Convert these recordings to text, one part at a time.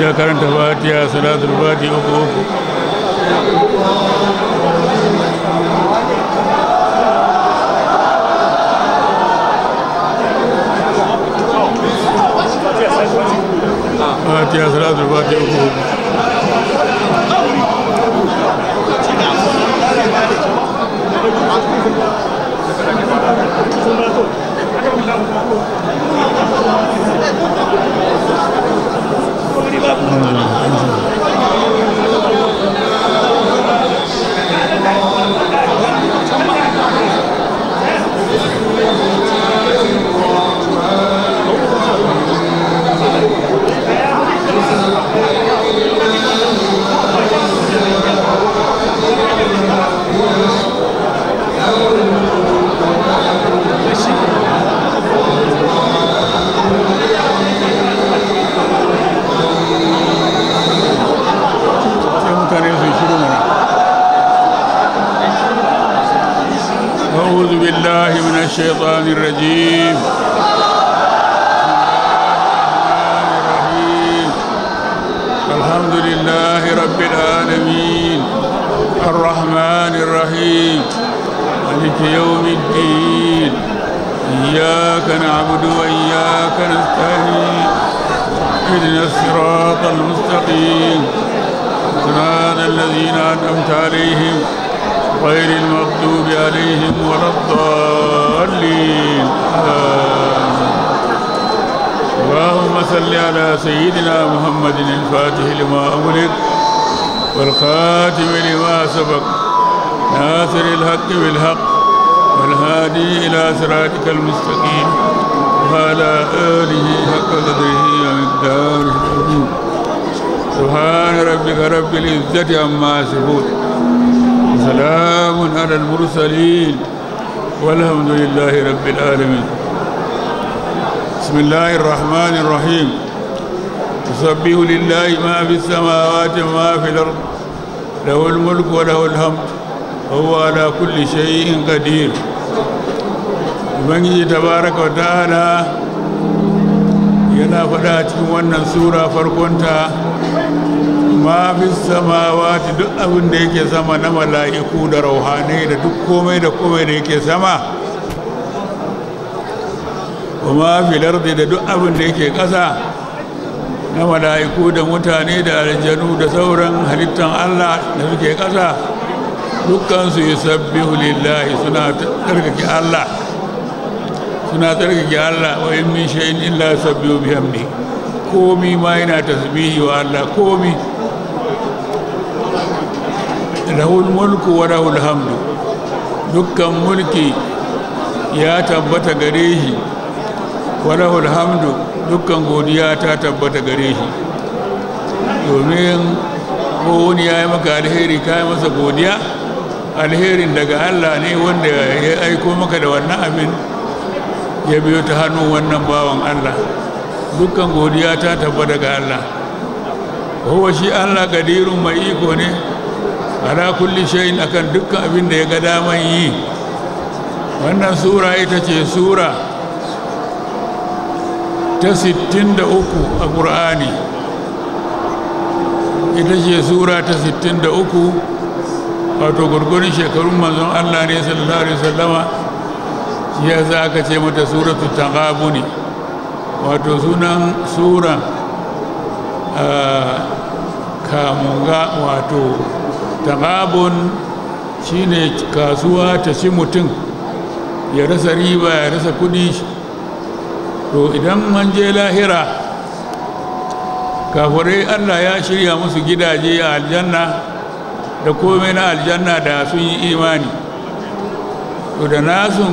ya karanta fatiha salatul fati uku uku fatiha salatul fati uku uku Thank you. うん、الشيطان الرجيم الحمد لله رب العالمين الرحمن الرحيم ملك يوم الدين إياك نعبد وإياك نستعين اهدنا الصراط المستقيم صراط الذين أنعمت عليهم غير المغضوب عليهم ولا الضالين اللهم صل على سيدنا محمد الفاتح لما أملك والخاتم لما سبق ناصر الحق بالحق والهادي إلى صراطك المستقيم وعلى آله حق قدره الدار العظيم سبحان ربك رب العزة عما يصفون وسلام على المرسلين والحمد لله رب العالمين بسم الله الرحمن الرحيم يسبح لله ما في السماوات وما في الأرض له الملك وله الحمد وهو على كل شيء قدير ubangiji tabaraka wa ta'ala yana faɗa cikin wannan sura farkonta ma fi samawati duk abin da yake sama na mala'iku da rauhanai da duk komai da komai da yake sama kuma filar da duk abin da yake ƙasa na mala'iku da mutane da aljanu da sauran halittan allah da suke ƙasa dukkansu yi sabbi hulillahi suna tsarkake allah suna tsarkake allah wa in min shay'in illa sabbi hulillahi komi ma yana tasbihi wa allah komi lahul mulku wa hamdu dukkan mulki ya tabbata gare shi wa lahul hamdu dukkan godiya ta tabbata gare domin wani ya yi maka alheri ka yi masa godiya alherin daga allah ne wanda ya aiko maka da wannan abin ya biyo ta hannun wannan bawan allah dukkan godiya ta tabbata ga allah kowa shi allah kadirun mai iko ne ala kulli shayin akan dukkan abin da ya ga daman yi wannan sura ita ce sura ta 63 a ƙur'ani ita ce sura ta 63 wato gurgurin shekarun manzon allah ne sallallahu alaihi wasallama shi ya za aka ce mata suratu taqabu ne wato sunan sura ah, kamunga wato tagabun ne kasuwa ta ci mutum ya rasa riba ya rasa kudi to idan an je lahira kafurai allah ya shirya musu gidaje a aljanna da komai na aljanna da sun yi imani to da nasu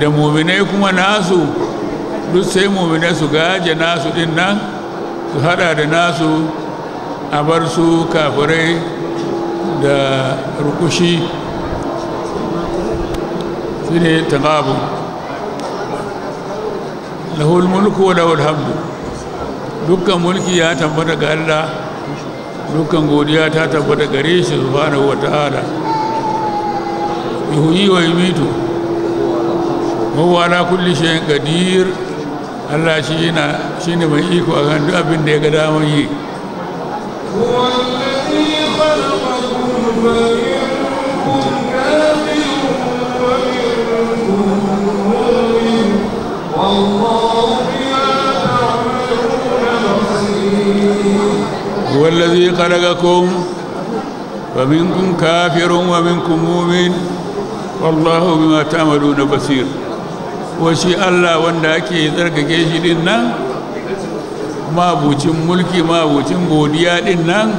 da muminai kuma nasu duk sai muminai su gaje nasu din nan su hada da nasu a bar su kafirai da rukushi su ne tagabu lahul mulku wa lahul hamdu dukkan mulki ya tabbata ga Allah dukkan godiya ta tabbata gare shi subhanahu wa ta'ala yuhyi wa yumitu huwa ala kulli shay'in qadir Allah shi ne mai iko a duk abin da ya ga damar yi هو خلقكم فمنكم كافر ومنكم مؤمن والله بما تعملون بصير وشي الله وندا ake tsarkake shi ما nan ملكي ما mabucin بوديا دينا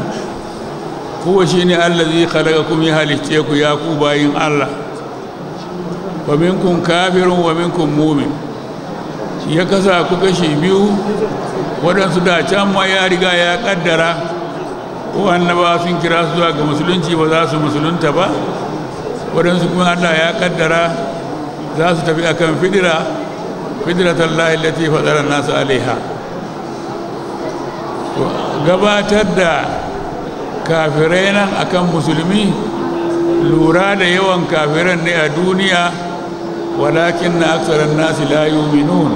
huwa shine allazi khalaqakum ya halicce ku ya ku bayin Allah wa minkum kafirun wa minkum mu'min ya kasa ku kashi biyu waɗansu da can ma ya riga ya kaddara ko ba sun kira su zuwa ga musulunci ba za su musulunta ba waɗansu kuma Allah ya kaddara za su tafi akan fidira fidratan lahi lati fadara nasu alaiha gabatar da kafirai nan akan musulmi lura da yawan kafiran ne a duniya walakin na aksarar nasi layu minun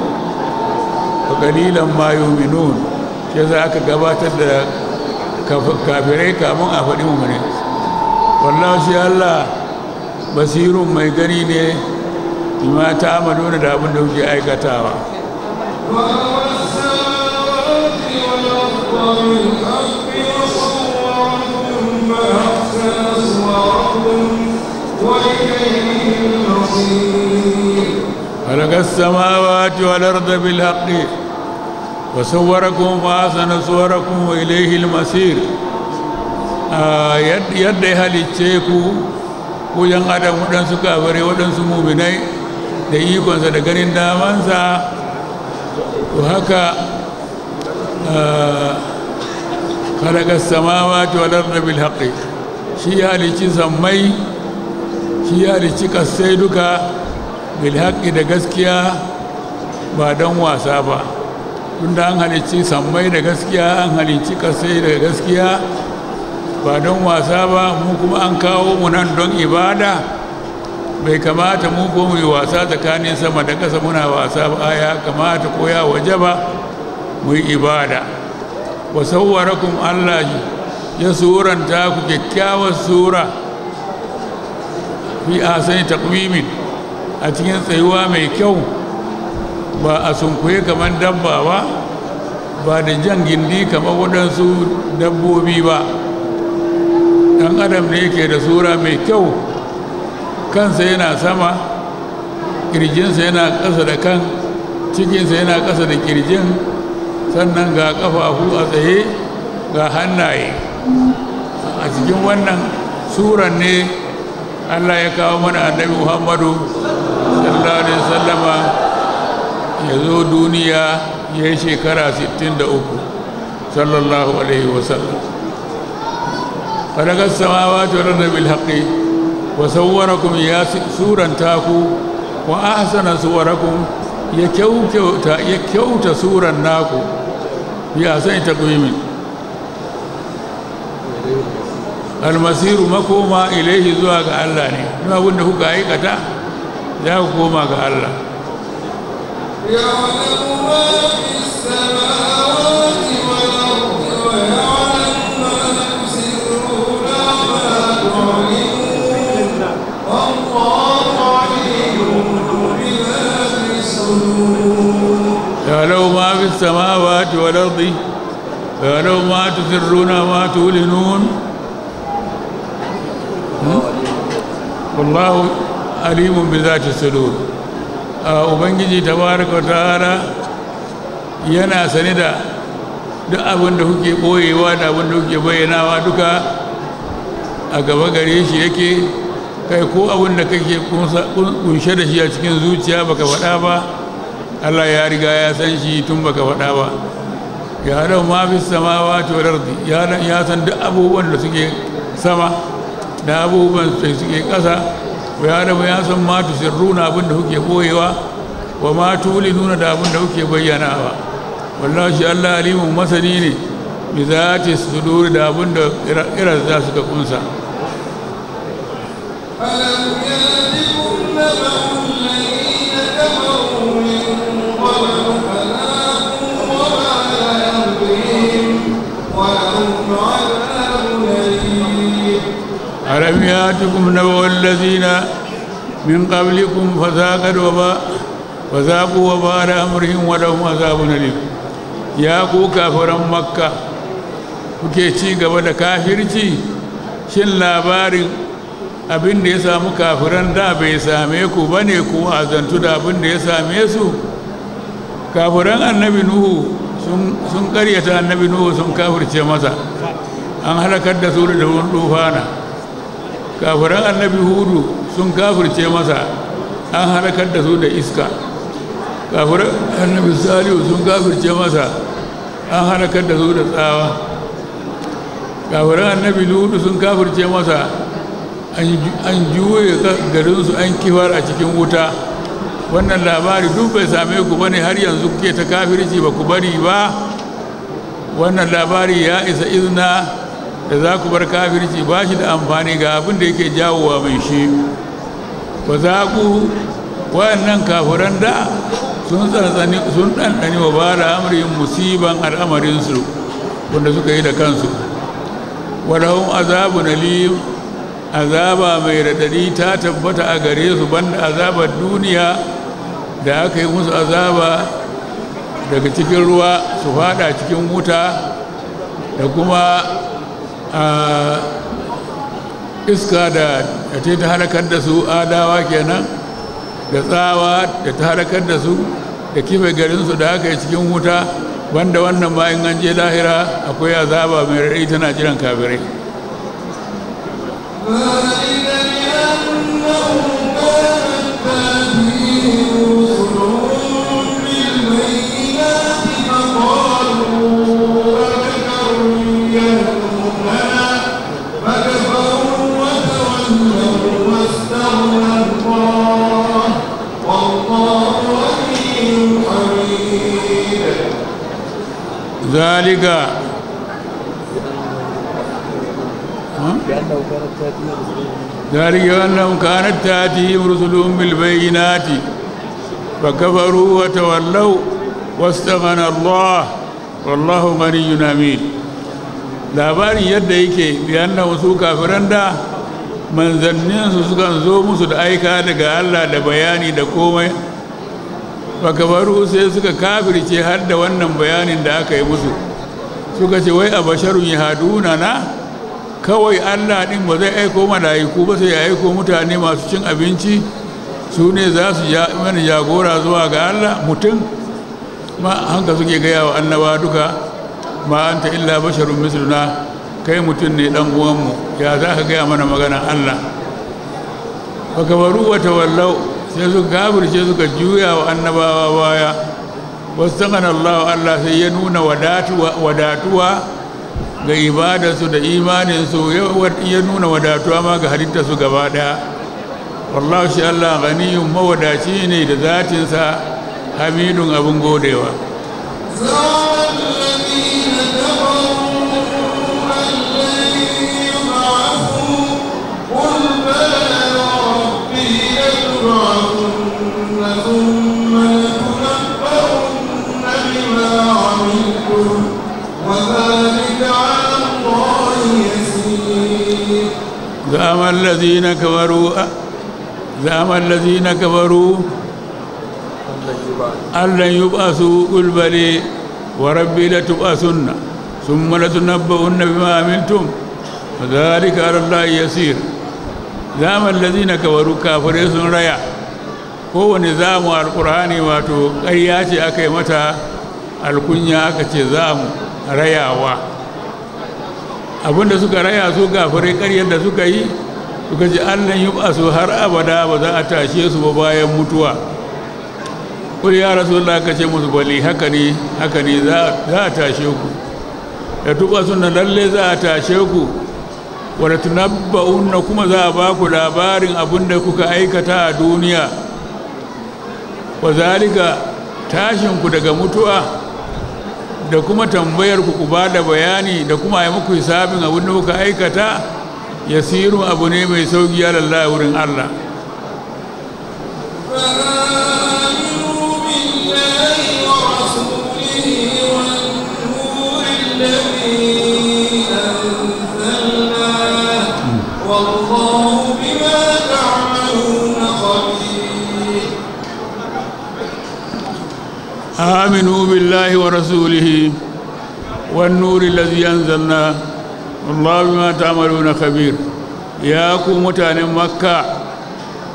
ba kalilan mayu minun shi za aka gabatar da kafirai kamun a faɗi mummune wallahu shi allah basirun mai gani ne ima ta amadu da abin da kuke aikatawa خلق السماوات والأرض بالحق وصوركم فأحسن صوركم وإليه المصير yadda ya halicce ku wajen adam waɗansu kabare waɗansu muminai da ikonsa da ganin damansa to haka halakar samawa ta walar da bilhaƙi shi ya halici zammai shi ya halici kasai duka bilhaƙi da gaskiya ba don wasa ba tunda an halici sammai da gaskiya an halici kasai da gaskiya ba don wasa ba mu kuma an kawo mu nan don ibada bai kamata mu ko mu yi wasa tsakanin sama da ƙasa muna wasa ba ya kamata ko ya waje ba mu yi ibada wasauwarakun allah ya suranta ku kyakkyawar sura fi sani takwimin a cikin tsayuwa mai kyau ba a sunkuye kamar dabba ba ba da jan gindi kamar waɗansu dabbobi ba ɗan adam ne yake da sura mai kyau kansa yana sama ƙirjinsa yana ƙasa da kan cikinsa yana ƙasa da ƙirjin sannan ga ƙafafu a tsaye ga hannaye a cikin wannan suran ne allah ya kawo mana annabi muhammadu sallallahu alaihi wasallama ya zo duniya ya yi shekara 63 sallallahu alaihi wasallam fadagar samawa tuwarar da bilhaƙi wa sauwarakun ya suranta ku wa ahsana suwarakun ya kyauta suran naku ya san ita min المسير مكوما إليه زواج الله Allah ne duk abin da يعلم ما في السماوات والأرض ويعلم ما تسرون وما تعلنون عليم يعلم ما في السماوات والأرض ويعلم ما تسرون وما تولنون والله عليم بذات الصدور ubangiji tabaraka ta'ala yana sane da duk abin da kuke boyewa da abin da kuke bayyanawa duka a gaba gare shi yake kai ko abin da kake kunshe da shi a cikin zuciya baka faɗa ba Allah ya riga ya san shi tun baka faɗa ba ya lau ma fi samawa to ya san duk abubuwan da suke sama da abubuwan sai suke ƙasa ku ya rabu ya san matu sirruna abin da kuke boyewa wa ma nuna da abin da bayyana ba wallahi shi Allah alimu masani ne bi zati sudur da abin da irar za su ga kunsa ألم يأتكم نبأ الذين من قبلكم فذاق الوباء فذاقوا وبال ci gaba da kafirci shin labarin abin ya samu kafiran da bai same ku ba azantu da abin ya same su kafiran annabi nuhu sun karyata annabi nuhu sun kafirce masa an halakar da su da wani dufana kafiran annabi hudu sun kafirce masa an halakar da su da iska kafiran annabi salihu sun kafirce masa an halakar da su da tsawa kafiran annabi hudu sun kafirce masa an juye garinsu an kifar a cikin wuta wannan labari duk bai same ku bane har yanzu kuke ta kafirci ba ku bari ba wannan labari ya isa izina da za ku bar kafirci ba shi da amfani ga abin da yake jawowa mai shi ba za ku wayannan kafiran da sun tsantsani ɗanɗani wa ba da amurin musiban al'amarinsu wanda suka yi da kansu Wadahun azabu na azaba mai raɗaɗi ta tabbata a gare su banda azabar duniya da aka yi musu azaba daga cikin ruwa su fada cikin wuta da kuma iska da ta ta da su adawa kenan da tsawa da ta harakar da su da kife garinsu da haka yi cikin wuta wanda wannan bayan an je lahira akwai azaba mai raɗi tana jiran kafirai ذلك ذلك أنهم كانت تأتيهم رسلهم بالبينات فكفروا وتولوا واستغنى الله والله غني حميد labarin yadda yake biyanna wasu kafiran da manzanninsu sukan zo musu da aika daga Allah da bayani da komai bakabaru sai suka kafirce har da wannan bayanin da aka yi musu suka ce wai a basharun ya haduna na kawai allah ɗin ba zai aiko malayiku ba sai ya aiko mutane masu cin abinci su ne za su mana jagora zuwa ga allah mutum ma hanka suke gaya wa annaba duka ma an ta illa basharun misluna kai mutum ne uwan uwanmu ya za ka gaya mana magana allah baka baru wata wallau sai suka gabirce suka juya wa annabawa baya wasaƙan Allah Allah sai ya nuna wadatuwa ga ibadarsu da imaninsu ya nuna wadatuwa ma ga halittarsu gaba ɗaya wallahu shi Allah ganiyun mawadaci ne da zatinsa hamidun abin godewa زعم الذين كفروا زعم الذين كفروا أن لن يبعثوا قل بلي وربي لتبعثن ثم لتنبؤن بما عملتم فذلك على الله يسير زعم الذين كفروا sun ريا kowane zamu alkur'ani wato ƙarya ce aka yi mata alkunya aka ce zamu rayawa abinda suka raya su gafare karyar da suka yi suka ji allah yi har abada ba za a tashe su ba bayan mutuwa kuri ya rasu da aka ce musu bali haka ne za a tashe ku da tuba suna lalle za a tashe ku wadda tunabba'unna kuma za a ba ku labarin abin da kuka aikata a duniya wa tashin ku daga mutuwa da kuma tambayar ku ku ba da bayani da kuma yi muku hisabin abin da kuka aikata Yasiru abu ne mai sauki alallah wurin allah آمنوا بالله ورسوله والنور الذي أنزلنا bi ma ta'maluna khabir ya ku mutanen makka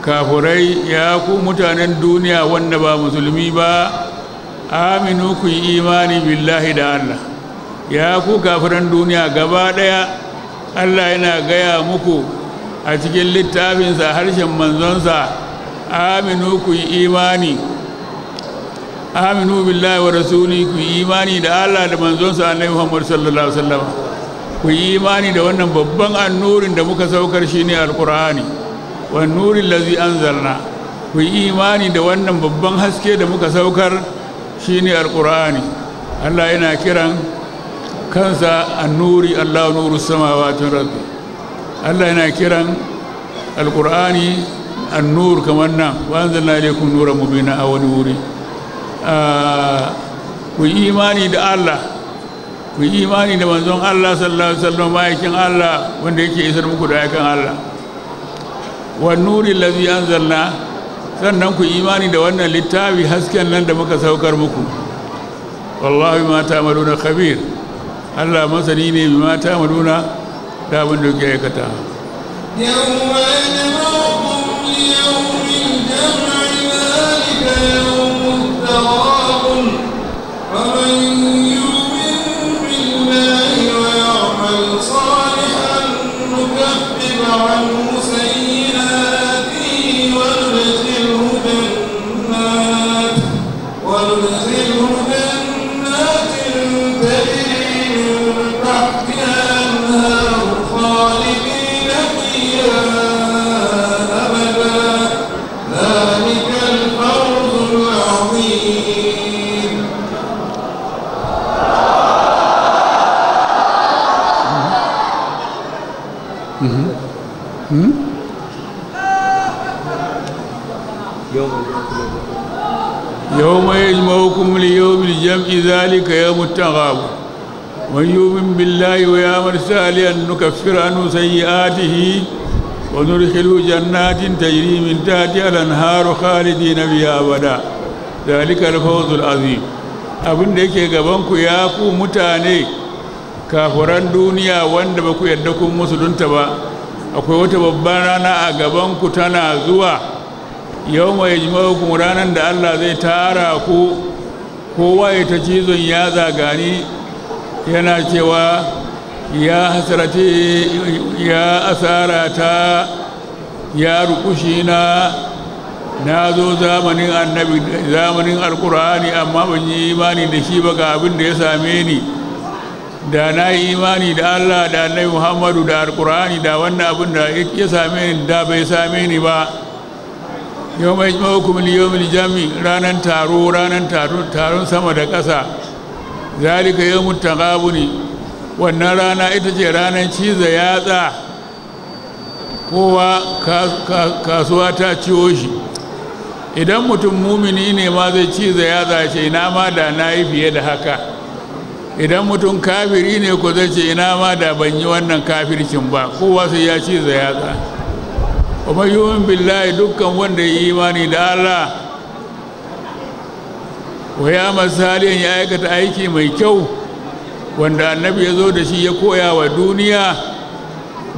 kafurai ya ku mutanen duniya wanda ba musulmi ba aminu ku yi imani billahi da Allah ya ku kafiran duniya gaba daya Allah yana gaya muku a cikin littafinsa harshen manzonsa aminu ku yi imani aminu billahi wa rasuli ku yi imani da Allah da manzonsa annabi Muhammad sallallahu alaihi wasallam ku yi imani da wannan babban annurin da muka saukar shi ne alkur'ani wani nurin lazi zarna ku yi imani da wannan babban haske da muka saukar shi ne alkur'ani allah yana kiran kansa annuri allah nuru samawatin rabbi allah yana kiran alkur'ani annur kamar nan wa ne kun nura mubina a wani wuri ah, ku yi imani da allah ku yi imani da manzon Allah sallallahu alaihi wasallam ma'aikin Allah wanda yake isar muku da aikan Allah wa nuri allazi anzalna sannan ku yi imani da wannan littafi hasken nan da muka saukar muku wallahi ma ta'maluna khabir Allah masani ne bima ta'maluna da abin da kuke aikata yawma nahum liyawmin jam'i dhalika yawmut أحدكم ليوم الجمع ذلك يوم التغاب ومن بالله أن نكفر عن سيئاته جنات تجري من تحتها الأنهار خالدين بها أبدا ذلك الفوز العظيم abin da yake gabanku ya ku mutane kafuran duniya wanda ba ku yadda kun musulunta ba akwai wata babban rana a gabanku tana zuwa yau mai jima'a ranar da allah zai tara ku kowa ya ta cizon ya zagani yana cewa ya hasarati ya asarata ya rukushina na zo zamanin annabi zamanin alkur'ani amma ban yi imani da shi ba ga abin da ya same ni da na yi imani da allah da annabi muhammadu da alkur'ani da wannan abin da ya same ni da bai same ni ba yau mai hukumin yawon jami ranar taro ranar taron sama da ƙasa zalika yawon mutan ne wannan rana ita ce ranar ciza yatsa kowa kasuwa ta ciwo shi idan mutum mumini ne ma zai ciza yatsa ce ina ma da na yi fiye da haka idan mutum kafiri ne ko zai ce ina ma da ban yi wannan kafircin ba kowa sai ya ciza yatsa wa mayyumin billahi dukkan wanda ya yi imani da Allah wa ya ya aikata aiki mai kyau wanda annabi ya zo da shi ya koya wa duniya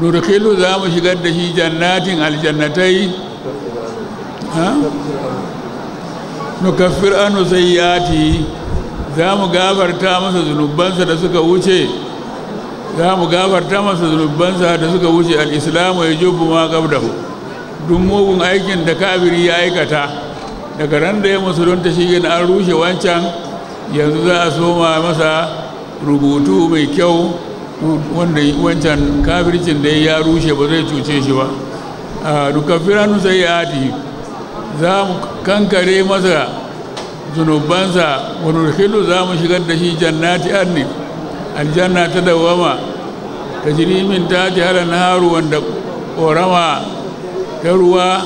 nurkilu za mu shigar da shi jannatin aljannatai nukaffir za mu gafarta masa zunubansa da suka wuce za mu gafarta masa zunubansa da suka wuce al'islamu ya jubu ma duk mugun aikin da kabiri ya aikata daga ran da ya musulunta shi an rushe wancan yanzu za a soma masa rubutu mai kyau wanda wancan kafircin da ya rushe ba zai cuce shi ba a dukkan sai ya ati za mu kankare masa zunubansa wani rikilu za mu shigar da shi jannati arni aljanna ta dawama ta jirimin ta ji halar naharu wanda ƙorama ta ruwa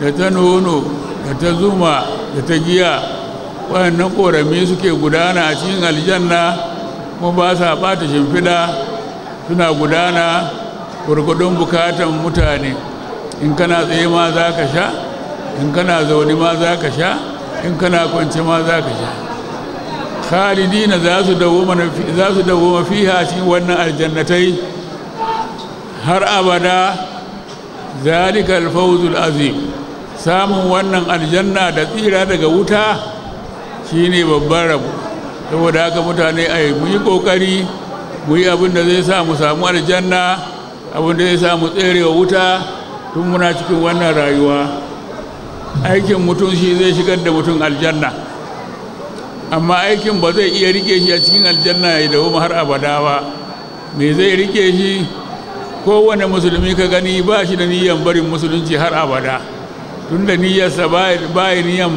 da ta nono da ta zuma da ta giya waɗannan ƙorami suke gudana a cikin aljanna kuma ba sa ɓata shimfiɗa suna gudana gurgudun bukatan mutane in kana tsaye ma za ka sha in kana zaune ma za ka sha in kana kwance ma za ka sha khalidina za su dawo mafi cikin wannan aljannatai har abada zalika fawzul azim samun wannan aljanna da tsira daga wuta shine babban rabu saboda haka mutane ai mu yi kokari mu yi abin da zai sa mu samu aljanna abin da zai sa mu tserewa wuta tun muna cikin wannan rayuwa aikin mutum shi zai shigar da mutum aljanna amma aikin ba zai iya rike shi a cikin aljanna ya dawo har abada ba me zai rike shi kowane musulmi ka gani ba shi da niyan barin musulunci har abada tun da niyyarsa ba yi niyan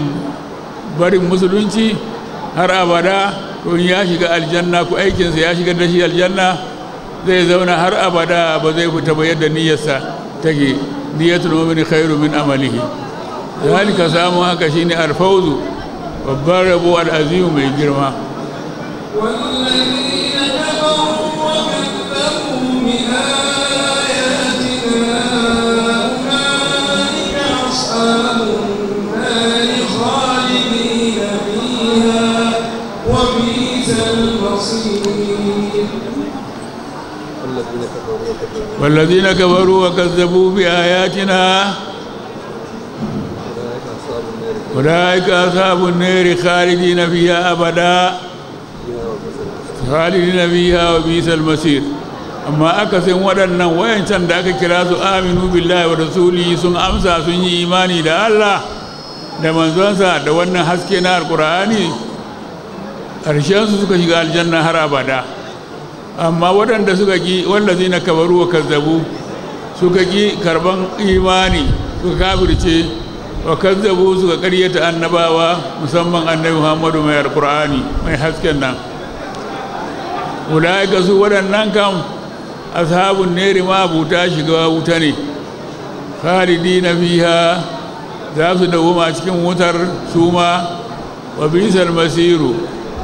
barin musulunci har abada tun ya shiga aljanna ku aikinsa ya shiga da shi aljanna zai zauna har abada ba zai fita ba yadda niyyarsa take niyyatul mu'min khairu min amalihi zalika samu haka shine alfawzu babbar rabo al'azimu mai girma والذين كفروا وكذبوا بآياتنا أولئك أصحاب النار خالدين فيها أبدا خالدين فيها وبئس المصير amma aka san waɗannan wayancan da aka kira su aminu billahi wa rasuli sun amsa sun yi imani da Allah da manzonsa da wannan haske na alkur'ani Karshen su suka shiga aljanna har abada amma waɗanda suka ƙi wallazi na kabaru wa kazzabu suka ƙi karban imani suka kafirce wa kazzabu suka ƙaryata annabawa musamman annabi muhammadu mai Alƙur'ani mai hasken nan ulaika su waɗannan kam ashabun neri ma buta shiga wuta ne na fiha za su dawoma cikin wutar suma wa bisal masiru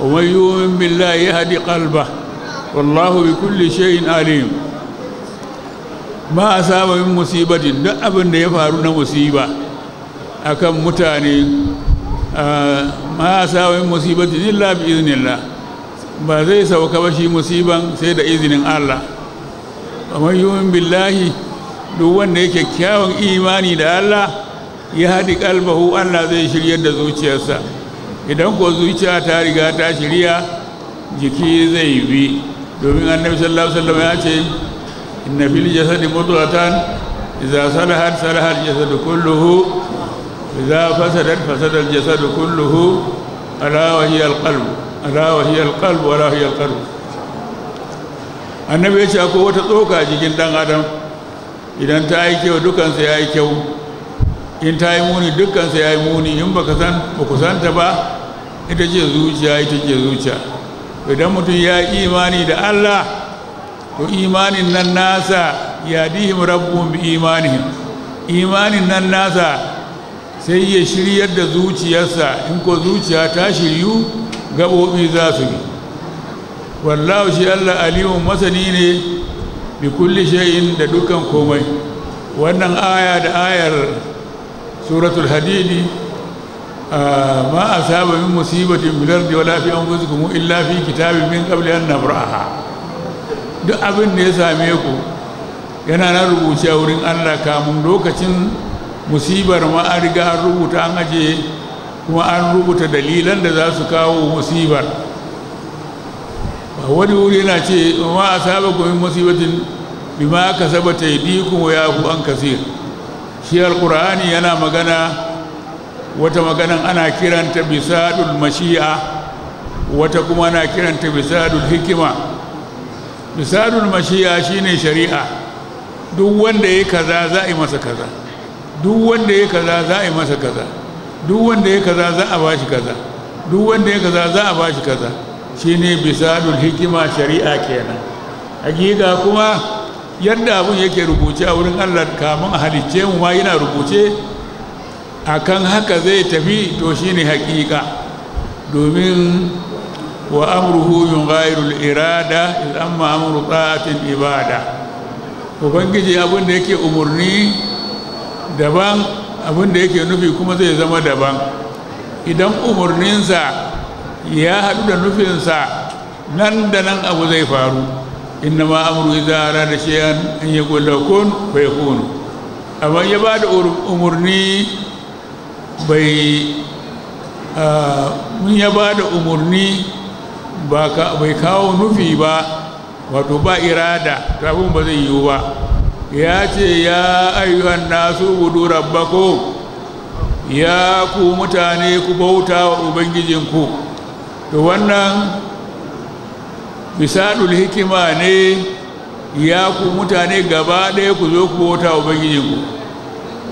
ومن يؤمن بالله يهدي قلبه والله بكل شيء عليم ما أصاب من مصيبة دق أبن يفعلون مصيبة أكم متاني ما أصاب من مصيبة إلا بإذن الله ba zai sauka ba shi musiban sai da izinin Allah kamar yiwuwan billahi duk wanda ya kyakkyawan imani da Allah ya haɗi ƙalbahu Allah zai shiryar da zuciyarsa idan ko zuciya ta riga ta shirya jiki zai bi domin annabi sallallahu alaihi wasallam ya ce inna fil jasadi mudghatan idza salahat salaha al jasadu kulluhu idza fasadat fasada al jasadu kulluhu ala wa hiya al qalb ala wa hiya al qalb wa la hiya al qalb annabi ya ce akwai wata tsoka jikin dan adam idan ta yi kyau sai ya yi kyau in ta yi muni sai ya yi muni in ba ka san ba ku santa ba ita ce zuciya ita ce zuciya idan mutum ya imani da Allah to imanin nan nasa ya dihim rabbun bi imanihim imanin nan nasa sai ya shiryar da zuciyarsa in ko zuciya ta shiryu gaɓoɓi za su bi wallahu shi Allah alimun masani ne bi kulli shay'in da dukkan komai wannan aya da ayar suratul hadidi ما أصاب من مصيبة في الأرض ولا في أنفسكم إلا في كتاب من قبل أن duk abin da ya same ku yana na rubuce a wurin allah kamun lokacin musibar ma an riga an rubuta an aje kuma an rubuta dalilan da za su kawo musibar wani wuri yana ce ma a saba min musibatin bima ka saba ta yi diku ya ku an kasir shi alkur'ani yana magana wata maganan ana kiranta bisadul mashi'a wata kuma ana kiranta bisadul hikima bisadul mashi'a shine shari'a duk wanda ya kaza za a yi masa kaza duk wanda ya kaza za a yi masa kaza duk wanda ya kaza za a bashi kaza duk wanda ya kaza za a bashi kaza shine bisadul hikima shari'a kenan hakika kuma yadda abun yake rubuce a wurin Allah kamun a halicce mu ma yana rubuce akan haka zai tafi to shine haƙiƙa domin wa amruhu yughayiru al-irada idan amma amru ta'atin ibada ubangiji abin da yake umarni daban abin da yake nufi kuma zai zama daban idan umarninsa ya haɗu da nufinsa nan da nan abu zai faru amuru amru idza da shi an yaqula bai kunu abin ya bada umurni bai mun ya ba da umarni bai kawo nufi ba wato ba irada abin ba zai yiwu ba ya ce ya ayyuhan nasu gudu rabbako ya ku mutane ku bauta wa ubangijinku to wannan misalul hikima ne ya ku mutane gaba ɗaya ku zo ku bauta wa ubangijinku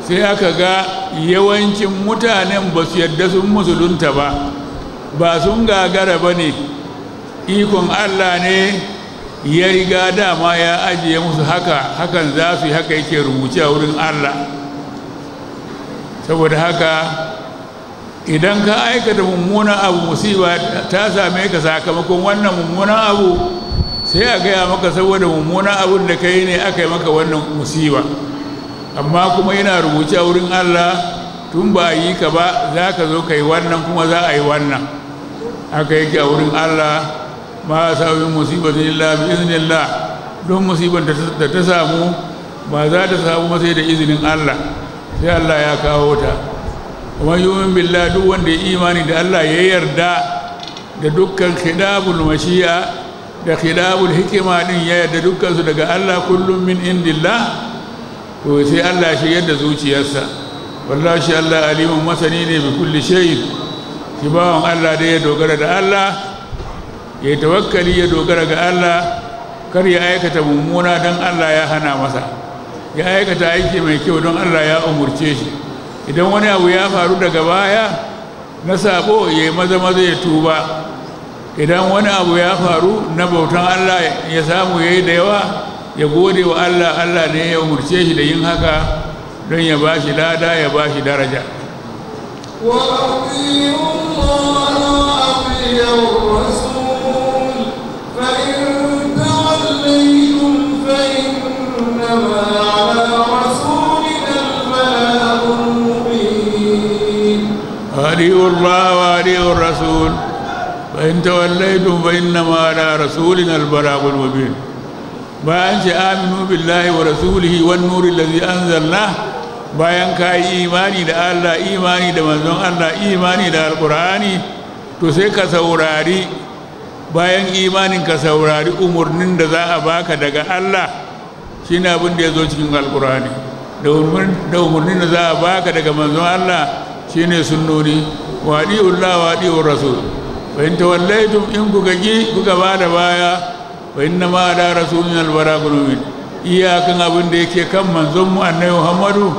sai aka ga yawancin mutanen ba su yadda sun musulunta ba ba sun gagara ba ne ikon allah ne ya riga dama ya ajiye musu haka hakan za su yi haka yake rubuce a wurin allah saboda haka idan ka aikata mummunan abu musiba ta same ka sakamakon wannan mummunan abu sai a gaya maka saboda mummunan abun da ka yi ne aka yi maka wannan musiba amma kuma yana rubuce a wurin Allah tun ba yi ka ba za ka zo ka yi wannan kuma za a yi wannan haka yake a wurin Allah ba ma sa'o'in musibatin Allah izinin la don musibar da ta samu ba za ta samu masai da izinin Allah sai Allah ya kawo ta kuma yumin billa duk wanda ya imani da Allah ya yarda da dukkan khidabul mashiya da khidabul hikima din ya yarda dukkansu daga Allah kullum min indillah ko sai Allah shi yadda zuciyarsa wallahi Allah alimun masani ne bi kulli shay shi bawan Allah dai ya dogara da Allah ya tawakkali ya dogara ga Allah kar ya aikata mummuna don Allah ya hana masa ya aikata aiki mai kyau don Allah ya umurce shi idan wani abu ya faru daga baya na sabo ya yi maza maza ya tuba idan wani abu ya faru na bautan Allah ya samu ya yi da yawa ya gode wa Allah Allah ne ya umurce shi da yin haka don ya ba shi lada ya ba shi daraja وأطيعوا الله وأطيعوا الرسول فإن توليتم فإنما على رسولنا البلاغ المبين bayan ce aminu billahi wa rasulihi wan nuri allazi anzalna bayan ka yi imani da Allah imani da manzon Allah imani da alqur'ani to sai ka saurari bayan imanin ka saurari umurnin da za a baka daga Allah shine abin da ya zo cikin alqur'ani da umurnin da za a baka daga manzon Allah shine sunnoni wa di'ullah wa di'ur rasul wa in tawallaytum in kuka ki kuka bada baya wa inna ma da rasulun albaragul gurubin. iyakan abin da yake kan manzon mu annabi muhammadu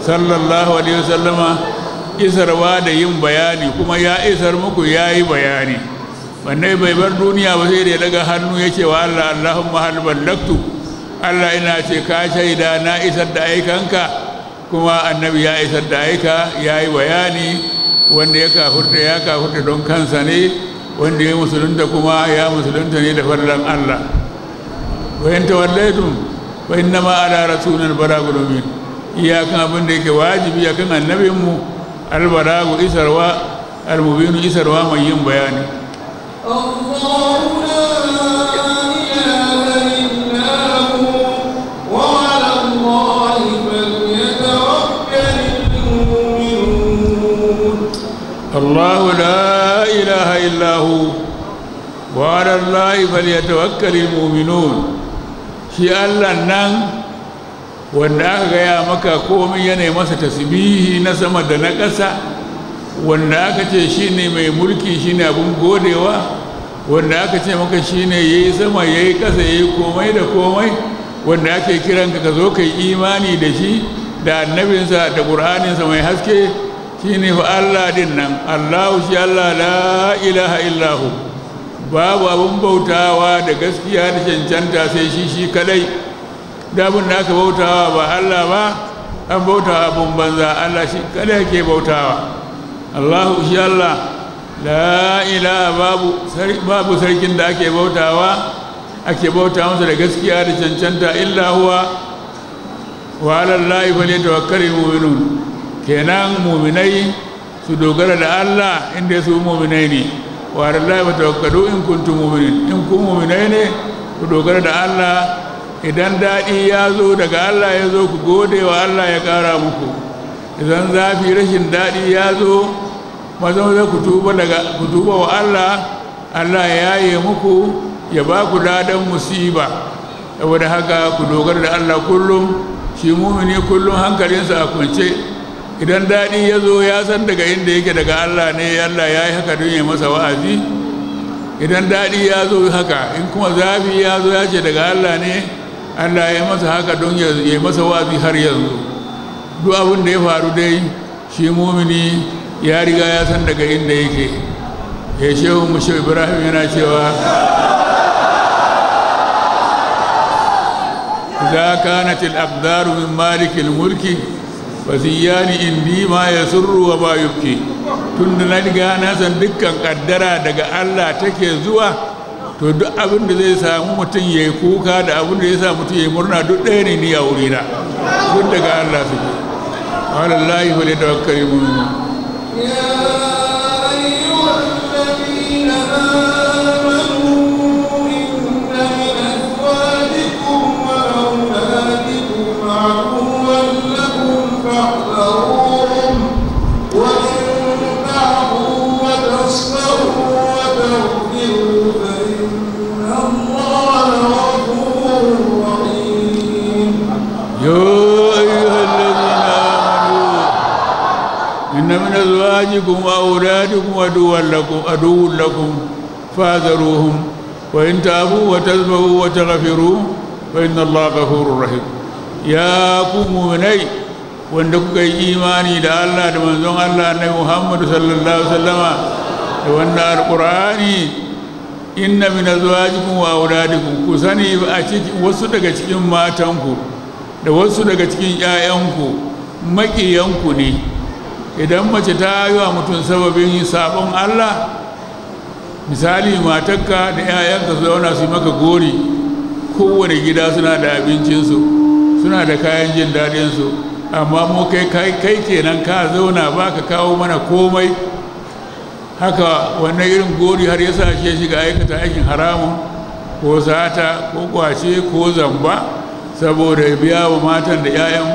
sallallahu alaihi wasallama isarwa da yin bayani kuma ya isar muku ya yi bayani wannan bai bar duniya ba sai da ya daga hannu ya ce wa allah allahumma hal ballaktu allah ina ce ka shaida na isar da aikanka kuma annabi ya isar da aika ya yi bayani wanda ya kafurta ya kafurta don kansa ne wanda ya musulunta kuma ya musulunta ne da farlan Allah bayan tawallaitum fa inna ma ala rasulina albalagul mubin iyakan abin da yake wajibi akan annabin mu albalagu isarwa almubinu isarwa mai yin bayani Allahu إلا هو وعلى الله فليتوكل المؤمنون shi allah nan wanda aka gaya maka komin yanayi masa tasbihi na sama da na ƙasa wanda aka ce shi ne mai mulki shi ne abin godewa wanda aka ce maka shi ne ya yi sama ya yi ƙasa ya yi komai da komai wanda ake kiranka ka zo ka yi imani da shi da annabinsa da ƙur'aninsa mai haske shi ne fa Allah din nan Allahu shi Allah la ilaha illahu babu abin bautawa da gaskiya da cancanta sai shi shi kadai damun da aka bautawa ba Allah ba an bautawa abin banza Allah shi kadai ke bautawa Allahu shi Allah la ilaha babu babu sarkin da ake bautawa ake bauta masa da gaskiya da cancanta illa huwa wa ala llahi falyatawakkalul mu'minun kenan muminai su dogara da Allah inda su muminai ne wa Allah ba tawakkalu in kuntum muminin in kun muminai ne ku dogara da Allah idan daɗi ya zo daga Allah ya zo ku gode wa Allah ya ƙara muku idan zafi rashin daɗi ya zo maza maza ku tuba daga ku tuba wa Allah Allah ya yaye muku ya ba ku ladan musiba saboda haka ku dogara da Allah kullum shi mumini kullum hankalinsa a kwance idan daɗi ya zo ya san daga inda yake daga allah ne allah ya yi haka don ya masa wa'azi idan daɗi ya zo haka in kuma zafi ya zo ya ce daga allah ne allah ya masa haka don ya masa wa'azi har yanzu duk abin da ya faru dai shi mumini ya riga ya san daga inda yake ya eh, shehu mashi ibrahim yana cewa za kanatil abdaru min malikin mulki fasiyani indi ma ya surru wa ba yuki tun da na riga na san dukkan kaddara daga Allah take zuwa to duk abin da zai samu mutum ya yi kuka da abin da ya sa mutum ya yi murna duk ɗaya ne ni a wurina duk daga Allah suke walallahi fa da tawakkali mu'minu أزواجكم وأولادكم عدوا wanda kuka yi imani da Allah da manzon Allah na Muhammadu sallallahu alaihi inna min azwajikum wa auladikum a cikin wasu daga matanku da wasu daga 'ya'yanku maƙiyanku ne idan mace ta yi wa mutum sababin sabon allah misali matakka da 'ya'yanka su zauna su maka gori kowane gida suna da abincinsu suna da kayan jin daɗinsu amma mu kai kai kenan ka zauna ba ka kawo mana komai haka wannan irin gori har ya sashe shi shiga aikata aikin haramun ko sata ko kwace ko zamba saboda biya wa matan da 'ya'yan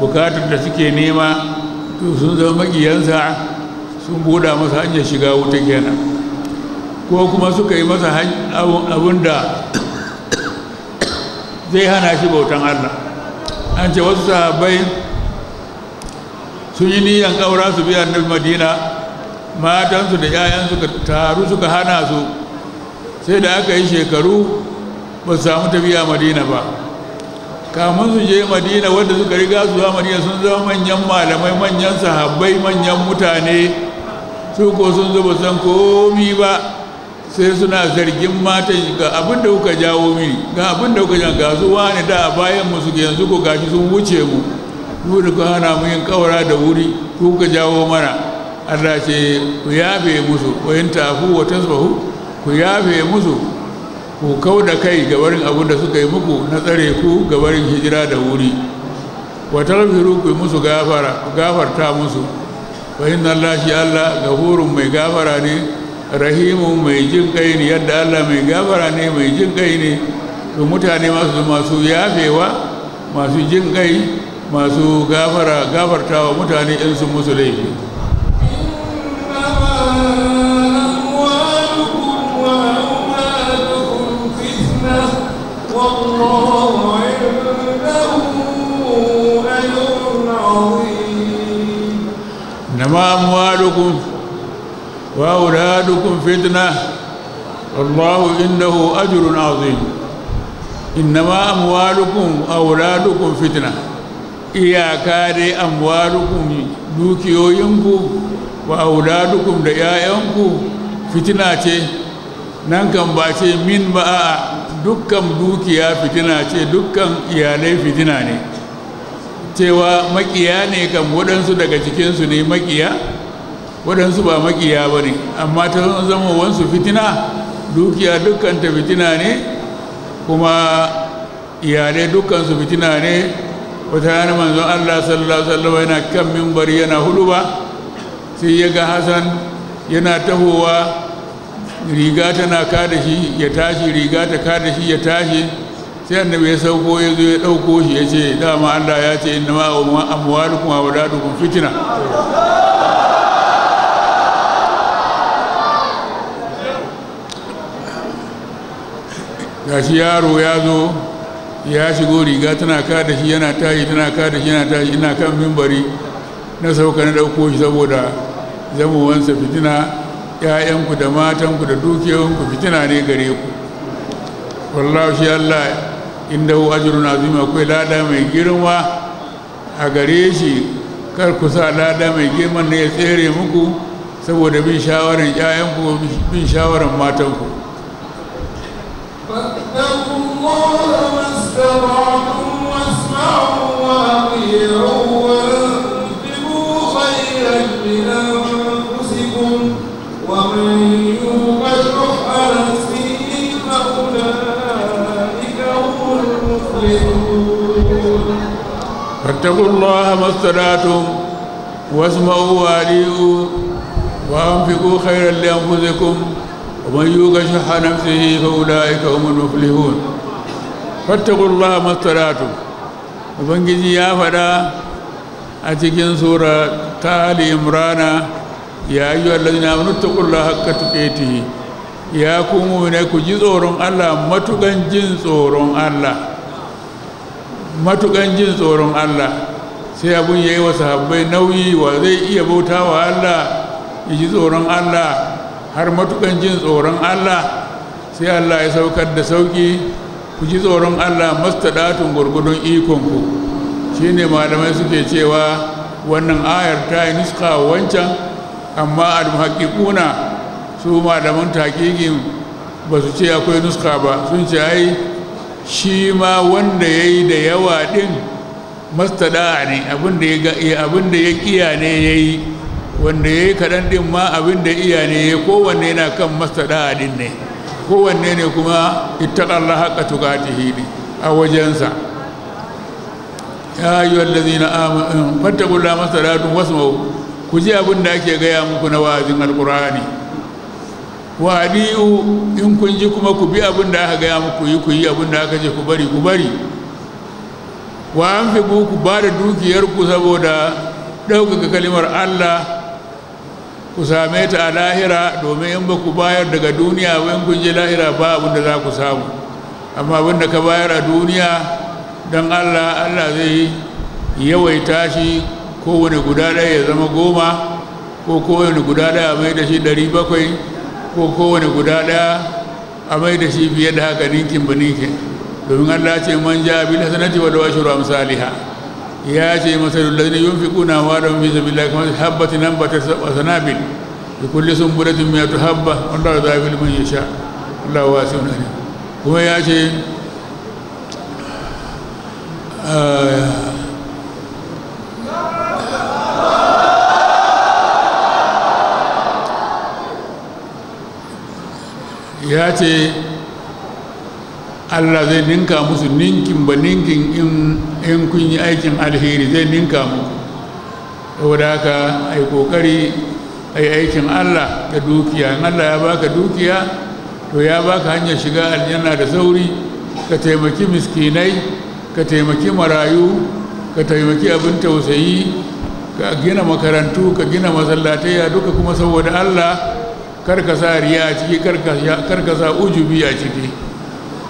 bukatar da suke nema to sun zama makiyansa sun buɗa masa hanyar shiga wuta kenan ko kuma suka yi masa abin da zai hana shi bautan allah an ce wasu sahabbai sun yi niyan ƙaura su biya na madina matansu da 'ya'yansu ka taru suka hana su sai da aka yi shekaru ba su samu tafiya madina ba kamun su je madina wanda suka riga su zuwa madina sun zama manyan malamai manyan sahabbai manyan mutane su ko sun zuba san komi ba sai suna zargin matan ga abin da kuka jawo mini ga abin da kuka ga su wani da a bayan musu yanzu ko gashi sun wuce mu Duk da ka hana mu yin kawara da wuri ko ka jawo mana Allah ce ku yafe musu wa tafu wa tasbahu ku yafe musu ku kau da kai gabarin abin da suka yi muku na tsare ku gabarin hijira da wuri wa tarfiru ku musu gafarta musu fa inna allahi allah gafurun mai gafara ne rahimun mai jin kai ne yadda allah mai gafara ne mai jin kai ne to mutane masu masu yafewa masu jin kai masu gafara wa mutane in sun musu laifi إنما أموالكم وأولادكم فتنة والله إنه أجر عظيم إنما أموالكم وأولادكم فتنة iyaka dai amwalukum dukiyoyinku wa auladukum da 'ya'yanku fitina ce nan kan ba ce min ba a dukkan dukiya fitina ce dukkan iyalai fitina ne cewa makiya ne kan waɗansu daga cikinsu ne makiya waɗansu ba makiya ba ne amma ta zama wansu fitina dukiya dukkan ta fitina ne kuma iyalai dukkansu fitina ne wata yana manzon allah sallallahu alaihi yana kan mimbari yana hudu ba sai ya ga hassan yana tahowa riga tana da shi ya tashi riga ta da shi ya tashi sai annabi ya sauko ya zo ya ɗauko shi ya ce dama allah ya ce inna ma amwalukum wa wadadukum fitina gashi yaro ya zo ya shigo riga tana da shi yana tashi tana da shi yana tashi ina kan mimbari na sauka na ɗauko shi saboda zamowansa fitina 'ya'yanku da matanku da dukiyoyinku fitina ne gare ku wallahu shi Allah inda hu na azim akwai lada mai girma a gare shi kar ku sa lada mai girma na ya tsere muku saboda bin shawarar 'ya'yanku bin shawaran matanku gaba فاتقوا الله ما استطعتم واسمعوا وأطيعوا وانفقوا خيرا لانفسكم ومن يوق شح نفسه فاولئك هم المفلحون فاتقوا الله ما استطعتم ubangiji ya faɗa a cikin sura ta ali ya yi wallazina nuttakulla haka tuƙetihi ya kuma ne ku ji tsoron allah matukan jin tsoron allah matukan jin tsoron Allah sai abun ya yi wa sahabbai nauyi wa zai iya bauta wa Allah ya ji tsoron Allah har matukan jin tsoron Allah sai Allah ya saukar da sauki ku ji tsoron Allah mastadatun gurgudun ikonku Shi ne malamai suke cewa wannan ayar ta yi nuska wancan amma almuhaƙiƙuna su malaman taƙiƙin ba su ce akwai nuska ba sun ce ai shi ma wanda ya yi da yawa ɗin mastada ne abinda ya ƙiya eh, ne ya yi wanda ya yi kaɗan ɗin ma abinda ya iya ne ya yi, kowanne yana kan mastada ɗin ne kowanne ne kuma ittaƙalla haƙa ta hili a wajensa ya yi wallazi na amin fattakulla mastada wasu ku ji abinda ake gaya muku na wazin alƙur'ani wa in kun ji kuma ku bi abin da aka gaya muku yi ku yi abin da aka ce ku bari ku bari wa an fi ku ba da dukiyarku saboda ɗaukaka kalimar Allah ku same ta a lahira domin in ba ku bayar daga duniya ba in kun ji lahira ba abin da za ku samu amma abin da ka bayar a duniya don Allah Allah zai yawaita shi kowane guda ɗaya ya zama goma ko kowane guda ɗaya mai da shi ɗari bakwai ko kowane guda ɗaya a mai da shi fiye da haka ninkin ba ninkin domin allah ce man ja bil hasanati wa dawashiru amsalha ya ce masalul ladina yunfiquna amwalahum fi sabilillahi kama habbatin anbatat sanabil bi kulli sunbulatin mi'atu habba wallahu yudha'ifu liman yasha allah wasi'un alim kuma ya ce ah, ya ce allah zai ninka musu ninkin ba ninkin in kun yi aikin alheri zai ninka muku saboda haka ai ƙoƙari kokari a aikin allah da dukiya in allah ya baka dukiya to ya baka hanyar shiga aljanna da sauri ka taimaki miskinai ka taimaki marayu ka taimaki abin tausayi ka gina makarantu ka gina masallatai duka kuma saboda allah karka sa riya a ciki karka sa ujubi a ciki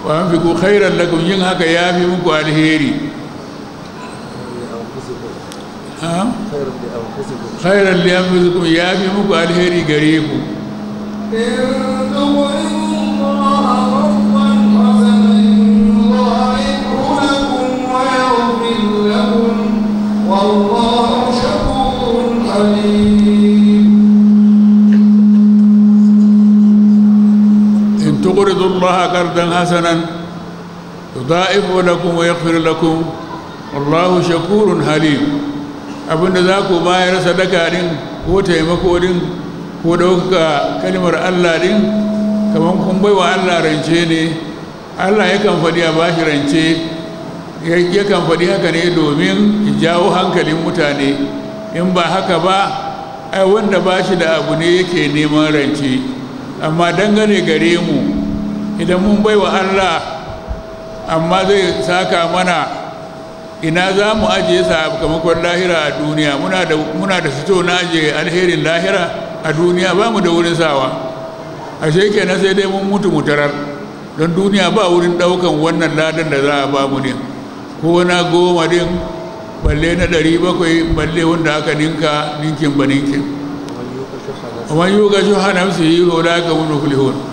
wa an fi ku khairan lakum yin haka ya fi muku alheri khairan li anfusikum ya fi muku alheri gare ku الله قرضا حسنا يضاعف لكم ويغفر لكم والله شكور حليم abin da za ku bayar sadaka din ko taimako din ko ɗaukaka kalmar allah din kamar kun baiwa allah rance ne allah yakan faɗi a bashi rance yakan faɗi haka ne domin jawo hankalin mutane in ba haka ba ai wanda ba shi da abu ne yake neman rance amma dangane gare mu idan mun bai wa allah amma zai saka mana ina za mu ajiye sakamakon lahira a duniya muna da fito na ajiye alherin lahira a duniya ba mu da wurin sawa a sheke na sai dai mun mutu mutarar don duniya ba wurin daukan wannan ladan da za a ba mu ne ko na goma din balle na ɗari bakwai balle wanda aka ninka ninkin ba ninkin hana su yi نفسه فاولئك هم المفلحون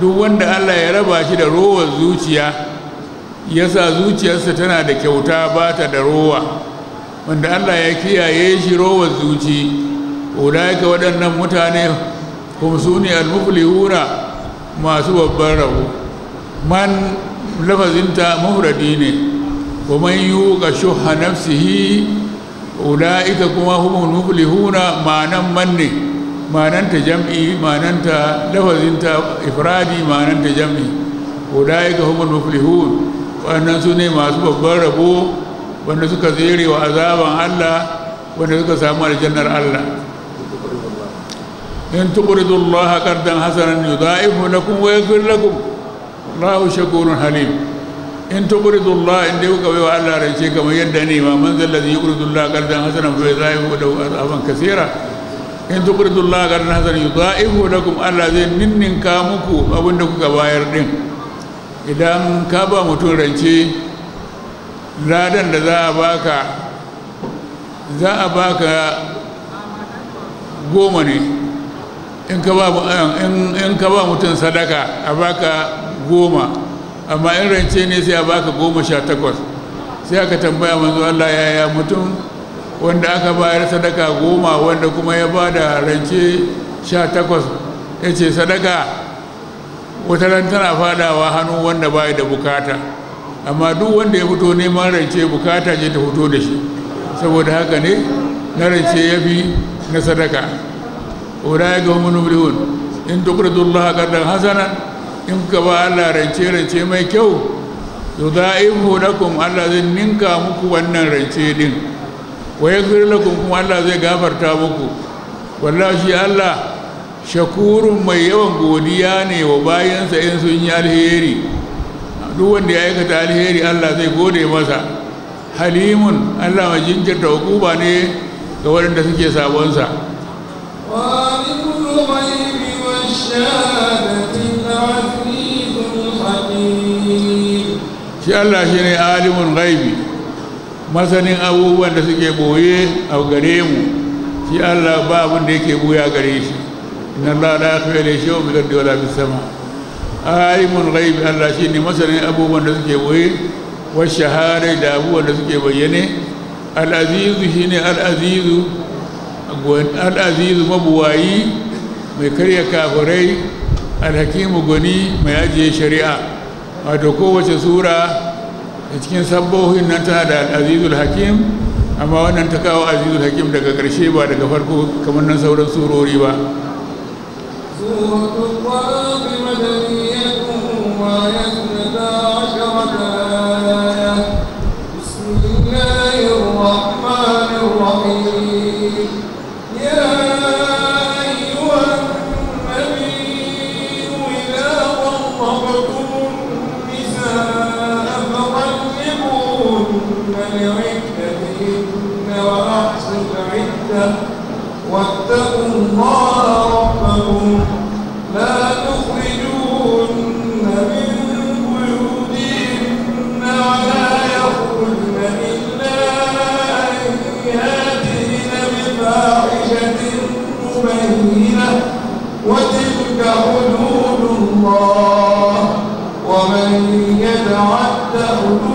duk wanda Allah ya raba shi da rowar zuciya ya sa zuciyarsa tana da kyauta ba ta da rowa wanda Allah ya kiyaye shi rowar zuci ulaika waɗannan mutane kuma su ne wura masu babban rabo man lafazinta mafuradi ne kuma yi yuka shuha nafsihi ulaika kuma humul muflihuna ma man ne mananta jam'i mananta lafazinta ifradi mananta jam'i ulai ka humul muflihun wannan su ne masu babban rabo wanda suka zere wa azaban Allah wanda suka samu aljannar Allah in tuqridu Allah qardan hasanan yudaifu lakum wa yaghfir lakum Allahu shakurun halim in tuqridu Allah in dai kuka wa Allah rance kamar yadda ne ma man zalladhi yuqridu Allah qardan hasanan fa yudaifu lahu azaban kaseera in tuqridullah qardan ihu da kuma Allah zai ninninka muku abinda kuka bayar din idan ka ba mutum rance ladan da za a baka za a baka goma ne in ka ba mutum sadaka a baka goma amma in rance ne sai a baka goma sha takwas sai aka tambaya manzo Allah yaya mutum wanda aka bayar sadaka goma wanda kuma ya ba da rance sha takwas ya ce sadaka wata ran tana fadawa hannu wanda bai da bukata amma duk wanda ya fito neman rance bukata ce ta fito da shi saboda haka ne na rance ya fi na sadaka ya ga wani miliyun in tukurdullah kardan hasana in ka ba allah rance rance mai kyau yudha'imhu hudakun allah zai ninka muku wannan rance din wa yaghfir lakum kuma Allah zai gafarta muku wallahi Allah shakurun mai yawan godiya ne wa bayansa in sun yi alheri duk wanda ya aikata alheri Allah zai gode masa halimun Allah mai jinkirta hukuma ne ga waɗanda suke sabonsa shi Allah shi ne alimun gaibi masanin abubuwan da suke boye a gare mu shi Allah ba abin da yake boye a gare shi inna Allah la yakhfa ilayhi shay'un da ardi wala fis sama alimul ghaib Allah shi ne masanin abubuwan da suke boye wa shahada da abubuwan da suke bayyane al-aziz ne al-aziz al-aziz mabuwayi mai karya kafirai al-hakim goni mai ajiye shari'a wato kowace sura da cikin sabbohin nan tana da azizul hakim amma wannan ta kawo azizul hakim daga ƙarshe ba daga farko kamar nan sauran surori ba واتقوا الله ربكم لا تخرجون من بيوتهن ولا يخرجن إلا أن بفاحشة مبينة وتلك حدود الله ومن يتعد حدود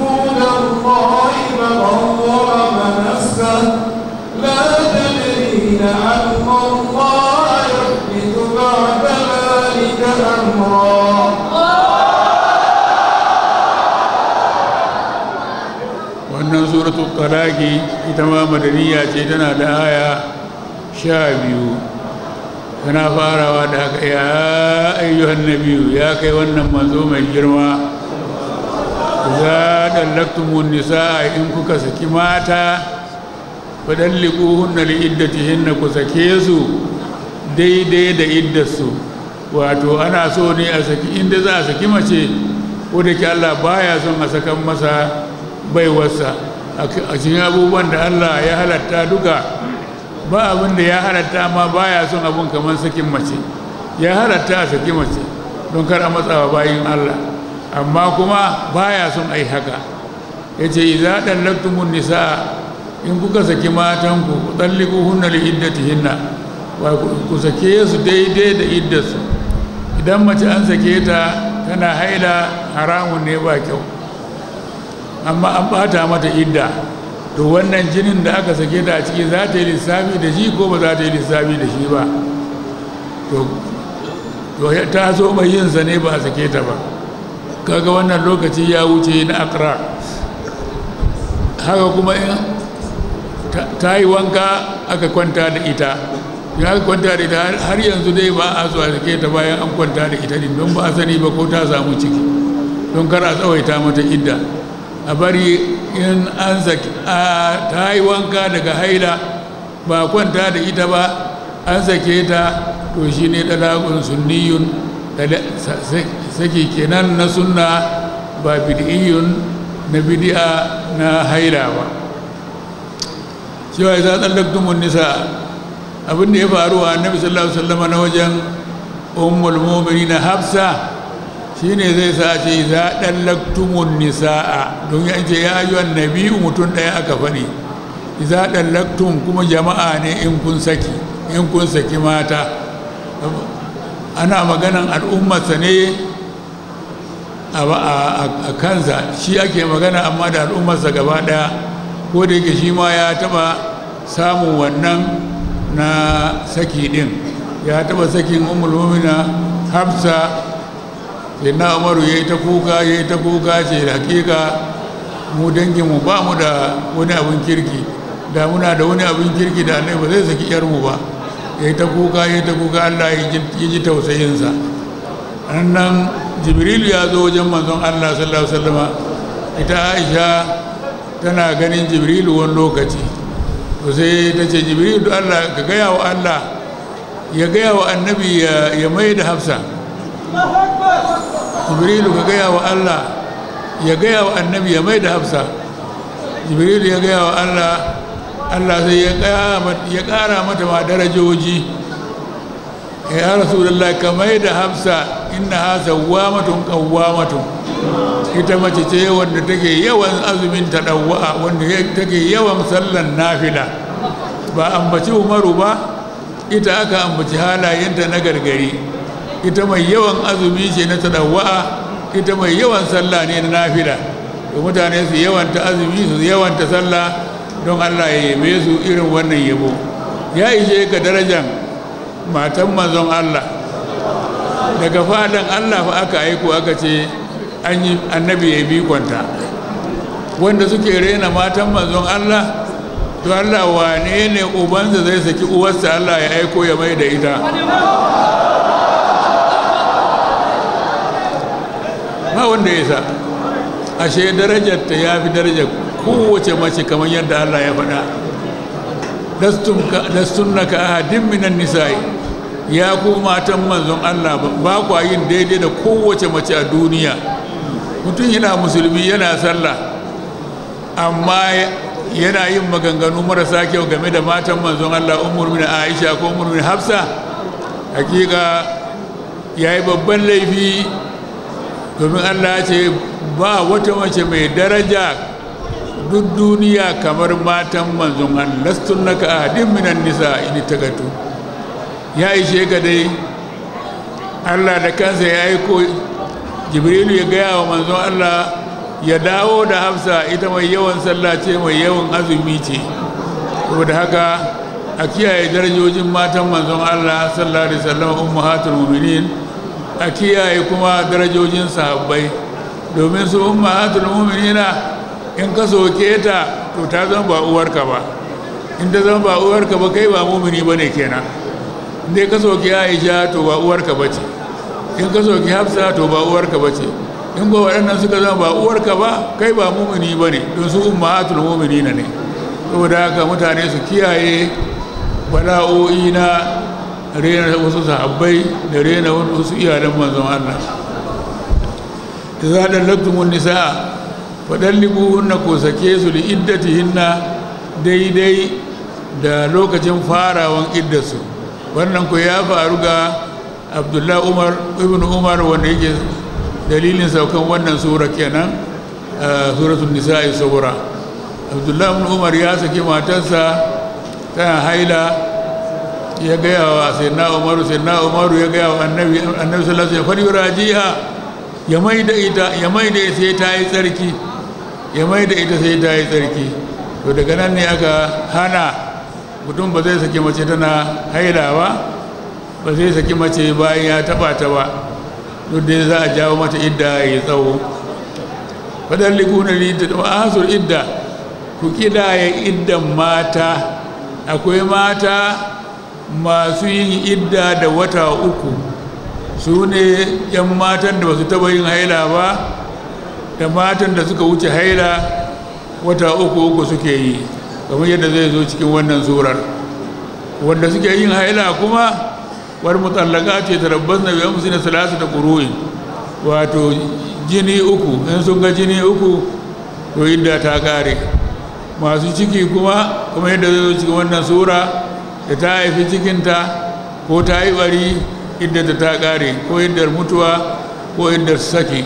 suratu talaki ita ma madaniya ce tana da aya sha biyu tana farawa da haka ya ayyuhan nabiyu ya kai wannan manzo mai girma za dallaktumun nisa'a in kuka saki mata fadallikuhunna liiddatihinna ku sake su daidai da iddarsu wato ana so ne a saki inda za a saki mace ko da ke Allah baya son a sakan masa baiwarsa a cikin abubuwan da Allah ya halatta duka ba abin da ya halatta ma ya son abun kamar sakin mace ya halatta a saki mace don kar a matsawa bayin Allah amma kuma ba ya son a yi haka ya ce iza laktumun nisa in kuka saki matanku ɗalliku hunna li Ba ku sake su daidai da iddarsu idan mace an sake ta tana haila haramun ne ba kyau amma an bata mata idda to wannan jinin da aka sake ta a ciki za ta yi lissafi da shi ko ba za ta yi lissafi da shi ba to ta so mai yinsa ne ba a sake ta ba kaga wannan lokaci ya wuce na akra haka kuma ta yi wanka aka kwanta da ita ya ka kwanta da ita har yanzu dai ba a zuwa a sake ta bayan an kwanta da ita din don ba a sani ba ko ta samu ciki don kar a tsawaita mata idda a bari in an zaki a ta yi wanka daga haila ba kwanta da ita ba an sake ta to shi ne ɗalagun sunniyun saki kenan na sunna ba bidiyun na bidiya na haila ba cewa za tsallaktumun nisa abin ya faruwa na annabi na wajen ummul na hafsa shi ne zai sa ce za ɗallaktumun laktumun nisa'a don ya ce ya yi wani biyu mutum ɗaya aka faɗi za ɗan laktun kuma jama'a ne in kun saki in kun saki mata ana maganan al'ummarsa ne a kansa shi ake magana amma da al'ummarsa gaba ɗaya ko da yake shi ma ya taɓa samun wannan na saki ɗin ya taɓa sakin umul hafsa sai umaru ya yi ta kuka ya yi ta kuka ce da hakika mu danginmu ba mu da wani abin kirki da muna da wani abin kirki da annai ba zai saki yarmu ba ya yi ta kuka ya yi ta kuka allah ya ji tausayinsa annan jibrilu ya zo wajen manzon allah sallallahu alaihi ita aisha tana ganin jibrilu wani lokaci to sai ta ce jibrilu allah ka gaya wa allah ya gaya wa annabi ya mai da hafsa jibrilu ka gaya wa allah ya gaya wa annabi ya mai da hafsa jibrilu ya gaya wa allah allah sai ya kara mata ma darajoji ya rasulullah ka mai da hafsa inna ha sawwamatun qawwamatun ita mace ce wanda take yawan azumin ta dawwa wanda take yawan sallan nafila ba ambaci umaru ba ita aka ambaci halayenta na gargari ita mai yawan azumi ce na tadawwa ita mai yawan sallah ne na nafila to mutane su yawan ta azumi su yawan ta sallah don Allah ya yabe su irin wannan yabo ya ishe ka darajar matan manzon Allah daga fadan Allah fa aka aiko aka ce an annabi ya bi kwanta wanda suke rena matan manzon Allah to Allah wane ne ubansa zai saki uwarsa Allah ya aiko ya mai da ita ba wanda ya sa ashe darajar ta ya fi darajar kowace mace kamar yadda Allah ya faɗa lastunna ka ahadin minan nisa'i ya ku matan manzon Allah ba kwa yin daidai da kowace mace a duniya mutum yana musulmi yana sallah amma yana yin maganganu marasa kyau game da matan manzon Allah umar min Aisha ko umar min Hafsa hakika yayi babban laifi domin allah ya ce ba wata mace mai daraja duk duniya kamar matan manzon allastun na ka ahadin minan nisa ini ta gato ya ishe ga dai allah da kansa ya yi aiko jibrilu ya gaya wa manzon allah ya dawo da hafsa ita mai yawan sallah ce mai yawan azumi ce saboda haka a kiyaye darajojin matan manzon allah sallallahu alaihi wasallam mu'minin a kiyaye kuma darajojin sahabbai domin su ummatul mu'minina in ka soke ta to ta zama ba uwarka ba in ta zama ba uwarka ba kai ba mu'mini ne kenan in dai ka soke Aisha to ba uwarka ce. in ka soke Hafsa to ba uwarka ce. in ko waɗannan suka zama ba uwarka ba kai ba mu'mini ne don su ummatul mu'minina ne saboda haka mutane su kiyaye bala'o'i na rena wasu sahabbai da rena wasu iyalan manzon Allah Da za da laktumun nisa'a faɗallibu hunna ko sake su da iddatihinna daidai da lokacin farawan iddarsu wannan ku ya faru ga abdullah umar ibn umar wanda yake dalilin saukan wannan sura kenan suratul nisa'i saura abdullah ibn umar ya saki matarsa tana haila ya gaya wa sayyidina umaru sayyidina umaru ya gaya wa annabi annabi sallallahu alaihi wasallam rajiha ya mai da ita ya mai da sai ta yi tsarki ya mai da ita sai ta yi tsarki to daga nan ne aka hana mutum ba zai saki mace tana haila ba ba zai saki mace bayan ya taba ta ba duk za a jawo mata idda ya tsawo fadar likuna lidda da asur idda ku kidaye iddan mata akwai mata masu yin idda da wata uku su ne 'yan matan da ba su taba yin haila ba da matan da suka wuce haila wata uku uku suke yi kamar yadda zai zo cikin wannan surar wanda suke yin haila kuma wani mutallaka ce ta rabbas na biyan musu na salasa da kuru'in wato jini uku in sun ga jini uku to idda ta kare masu ciki kuma kuma yadda zai zo cikin wannan sura da ta haifi cikinta ko ta yi bari iddata ta ƙare ko iddar mutuwa ko su sake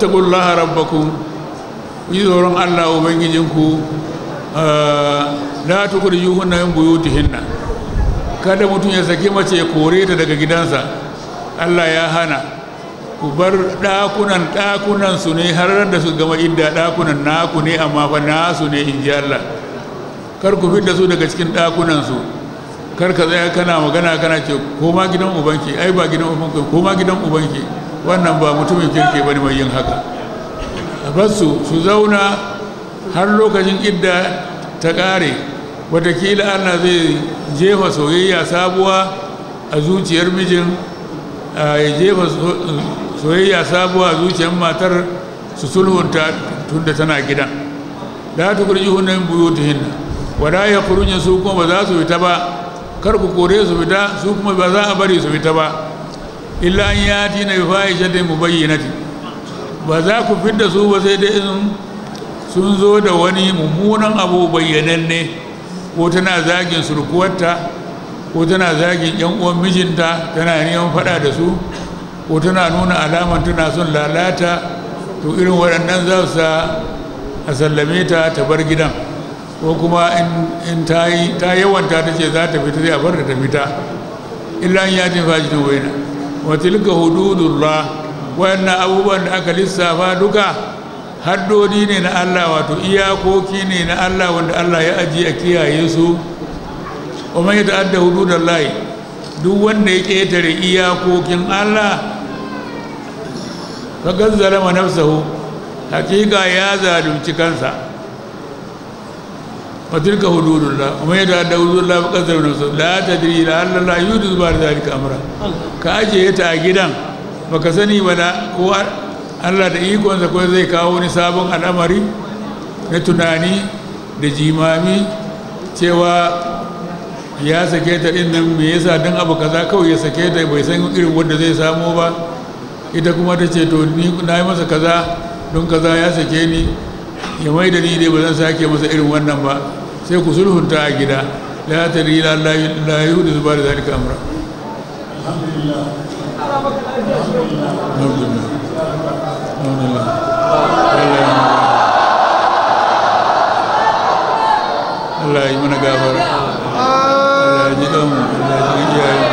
kulla harabbaku yi tsoron allah ubangijinku ah, la buyu min hinna. kada mutum ya saki mace ya kore ta daga gidansa allah ya hana ku bar ɗakunan dakunan su ne har da su gama idda ɗakunan naku ne amma fa nasu ne in ji allah kar ku da su daga cikin ɗakunansu kar ka tsaya kana magana kana ce ko ma gidan ubanki ai ba gidan ubanki ko ma gidan ubanki wannan ba mutumin kirki bane mai yin haka basu su zauna har lokacin idda ta ƙare watakila allah zai jefa soyayya sabuwa a zuciyar mijin ya jefa soyayya sabuwa a zuciyar matar su sulhunta tunda tana gidan la tukurjuhunna min buyutihinna wala ya kurunya su kuma ba za su fita ba kar ku kore su fita su kuma ba za a bari su fita ba illa an ya ti na fahisha da mu bayyanati ba za ku fidda su ba sai dai sun zo da wani mummunan abu bayyananne ko tana zagin surkuwarta ko tana zagin yan uwan mijinta tana neman faɗa da su ko tana nuna alaman tana son lalata to irin waɗannan za su a sallame ta ta bar gidan ko kuma in ta yawanta ta ce za ta fita zai abar da ta fita illa in faji da waina wa hududullah wayanna abubuwan da aka lissafa duka haddodi ne na Allah wato iyakoki ne na Allah wanda Allah ya aji a kiyaye su wa man yata'adda hududallahi duk wanda ya ketare iyakokin Allah fa gazzalama nafsahu hakika ya zalunci kansa فتلك da الله ومن يتعد da الله فقد ظلم نفسه لا تدري لعل الله da بعد ذلك Ka كاجي ta gidan baka sani ba da ko Allah da ikonsa ko zai kawo wani sabon al'amari na tunani da jimami cewa ya sake ta din nan mai yasa don abu kaza kawai ya sake ta bai san irin wanda zai samo ba ita kuma ta ce to ni na yi masa kaza don kaza ya sake ni ya mai da ni dai ba zan sake masa irin wannan ba sai ku sulhunta a gida la ta rila la yi hudu zuba da zalika amra Allah yi mana gafara Allah ji Allah ji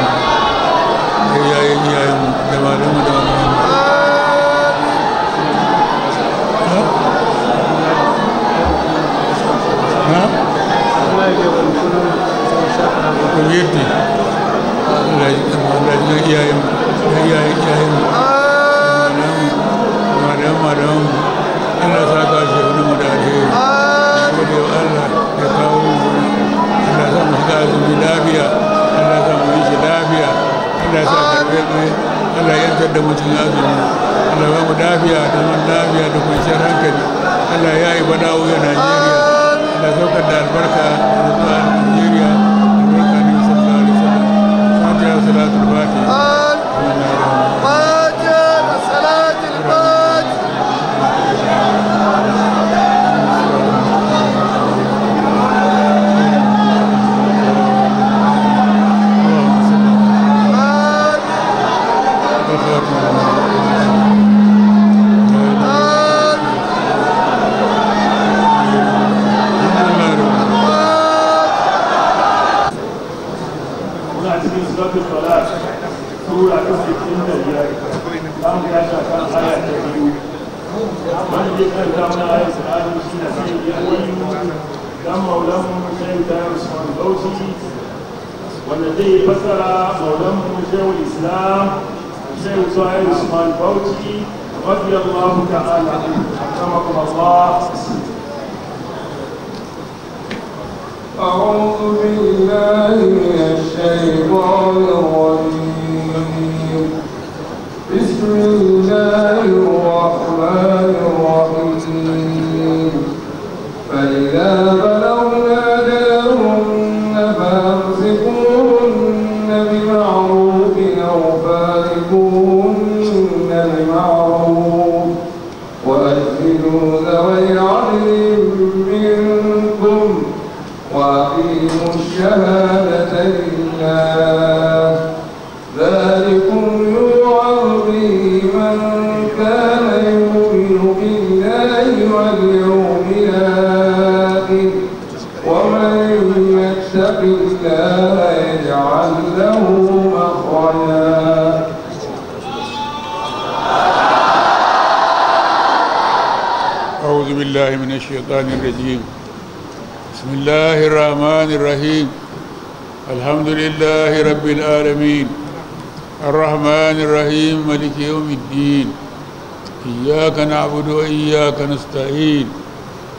نعبد وإياك نستعين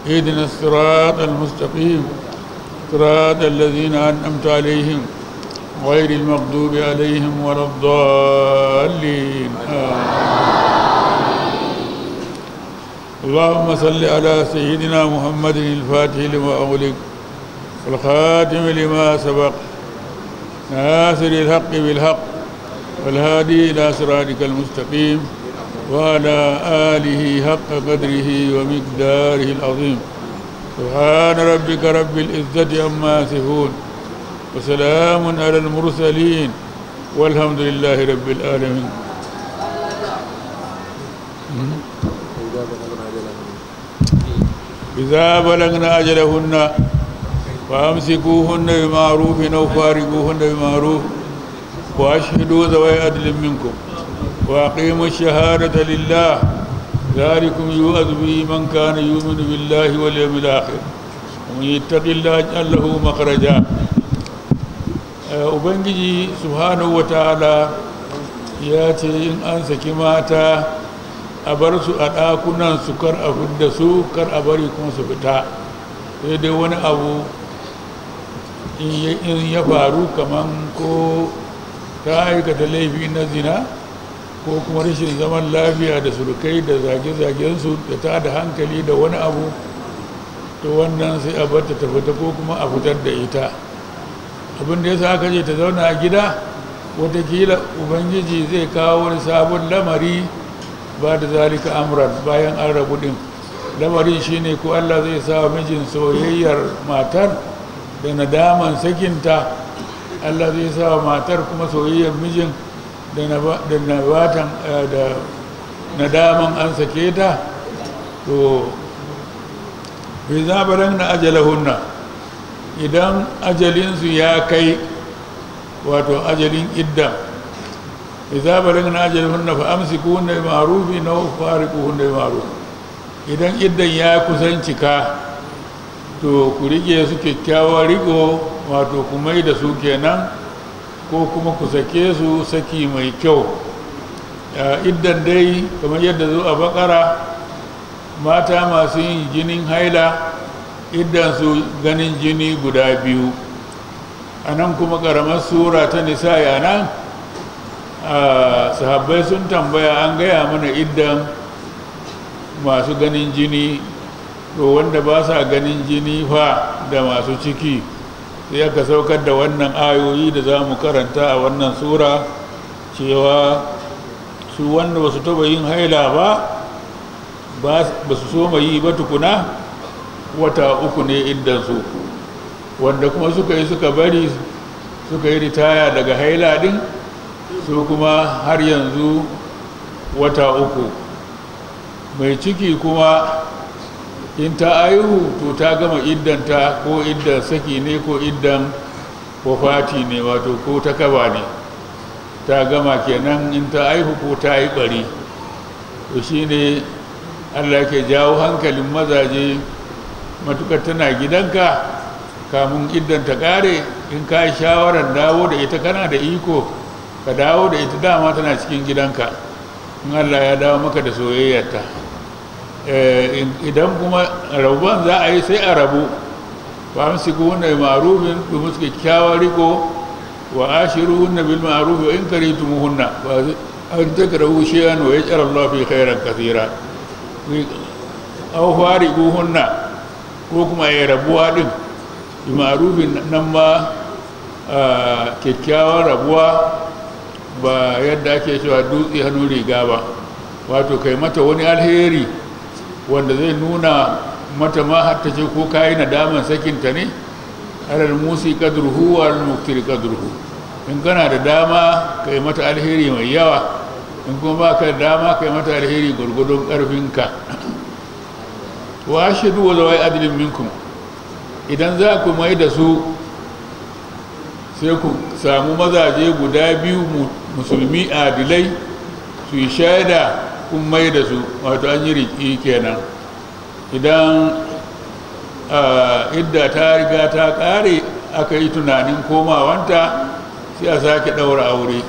اهدنا الصراط المستقيم صراط الذين أنعمت عليهم غير المغضوب عليهم ولا الضالين اللهم صل على سيدنا محمد الفاتح لما أغلق والخاتم لما سبق ناصر الحق بالحق والهادي إلى صراطك المستقيم وعلى آله حق قدره ومقداره العظيم سبحان ربك رب العزة عما يصفون وسلام على المرسلين والحمد لله رب العالمين إذا بلغنا أجلهن فأمسكوهن بمعروف أو فارقوهن بمعروف وأشهدوا ذوي عدل منكم وأقيموا الشهادة لله ذلكم يؤذ به من كان يؤمن بالله واليوم الآخر ومن يتق الله يجعل له مخرجا ubangiji subhanahu ta'ala ya ce in an saki mata a bar su a ɗakunan su kar a fidda su kar a bari kuma su fita sai dai wani abu in ya faru kaman ko ta aikata laifi na zina ko kuma rashin zaman lafiya da surukai da zage-zagensu da ta da hankali da wani abu to wannan sai a bata ta fita ko kuma a fitar da ita abin da ya sa aka je ta zauna a gida watakila ubangiji zai kawo wani sabon lamari ba da zalika amuran bayan an rabu din lamarin ne ko allah zai sa mijin soyayyar matar da nadaman sakinta allah zai sa matar kuma soyayyar mijin da na batan da nadaman eh, an sake ta to bai zabaran na ajalahunna idan ajalinsu ya kai wato ajalin idda bai zabaran na ajalahunna fa amsiku hunna bi ma'rufi na fari hunna bi marufi idan iddan ya kusan cika to ku rike su kyakkyawa riko wato kuma da su kenan ko kuma ku sake su saki mai kyau idan dai kamar yadda zo a bakara mata masu yin jinin haila su ganin jini guda biyu a nan kuma karamar sura ta nisa yana sahabbai sun tambaya an gaya mana idan masu ganin jini to wanda ba sa ganin jini fa da masu ciki sai aka saukar da wannan ayoyi da za mu karanta a wannan tsura cewa su wanda ba su taba yin haila ba ba su soma yi ba tukuna wata uku ne inda su wanda kuma suka yi suka bari suka yi ritaya daga haila din su kuma har yanzu wata uku mai ciki kuma in ta aihu to ta gama iddanta ko iddan saki ne ko iddan wafati ne wato ko ta kaba ne ta gama kenan in ta aihu ko ta yi bari to shi ne allah ke jawo hankalin mazaje matukar tana gidanka kamun iddanta kare in ka yi shawarar dawo da ita kana da iko ka dawo da ita dama tana cikin gidanka in allah ya dawo maka da soyayyarta Eh, idan kuma rabuwan za a yi sai a rabu ba su kuna marufin da musu kyakkyawar riko wa ashiru hunna bil ma'ruf wa in mu hunna wa an takrahu shay'an wa yaj'al Allah fi khairan kathira aw fariqu hunna ko kuma ya rabuwa din bi ma'rufin nan ma kyakkyawar rabuwa ba yadda ake cewa dutse hannu riga ba wato kai mata wani alheri wanda zai nuna mata ma har ta ce ko ka kayi nadaman sakinta ne alal musi kadruhu wa al muktir kadruhu in kana da dama kai mata alheri mai yawa in kuma ba ka da dama kai mata alheri gwargwadon karfinka wa shi wa zawai adilin minkum idan za ku mai da su sai ku samu mazaje guda biyu musulmi adilai su yi shaida kun mai da su wato an yi riki kenan idan idda ta riga ta kare aka yi tunanin komawanta sai a sake ɗaura aure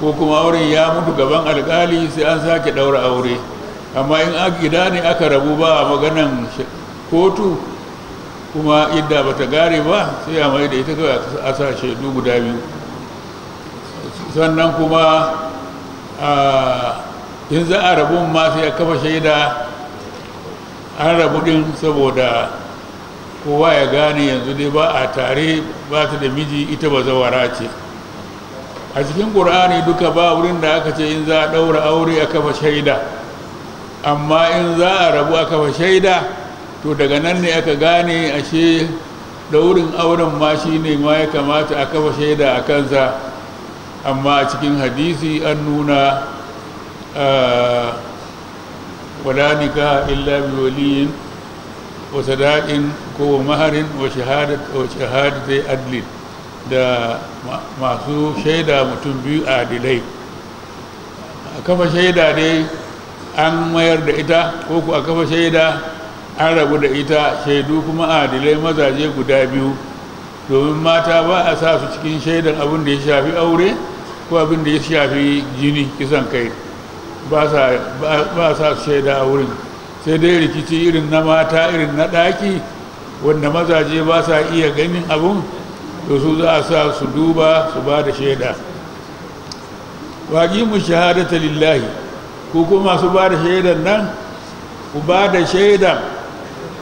ko kuma auren ya mutu gaban alkali sai an sake ɗaura aure amma in gida ne aka rabu ba a maganan kotu kuma idda ba ta gare ba sai a mai da ita kawai a sa shaidu guda biyu sannan kuma a in za a rabu ma sai a kafa shaida an rabu din saboda kowa ya gane yanzu dai ba a tare ba ta da miji ita ba zawara ce a cikin ƙur'ani duka ba wurin da aka ce in za a ɗaura aure a kafa shaida amma in za a rabu a kafa shaida to daga nan ne aka gane ashe wurin auren ma shi ne ma ya kamata a kafa shaida a kansa amma a cikin hadisi an nuna wala nika illa bi waliyin wa sadaqin ko maharin wa shahadat wa shahadatai da masu shaida mutum biyu adilai a kafa shaida dai an mayar da ita ko ku a kafa shaida an rabu da ita shaidu kuma adilai mazaje guda biyu domin mata ba a sa su cikin shaidan abin da ya shafi aure ko abin da ya shafi jini kisan kai ba sa shaida a wurin sai dai rikici irin na mata irin na ɗaki wanda mazaje ba sa iya ganin abun to su za a sa su duba su ba da shaida waƙi mu shahadata lillahi ku kuma su ba da shaidan nan ku ba da shaidan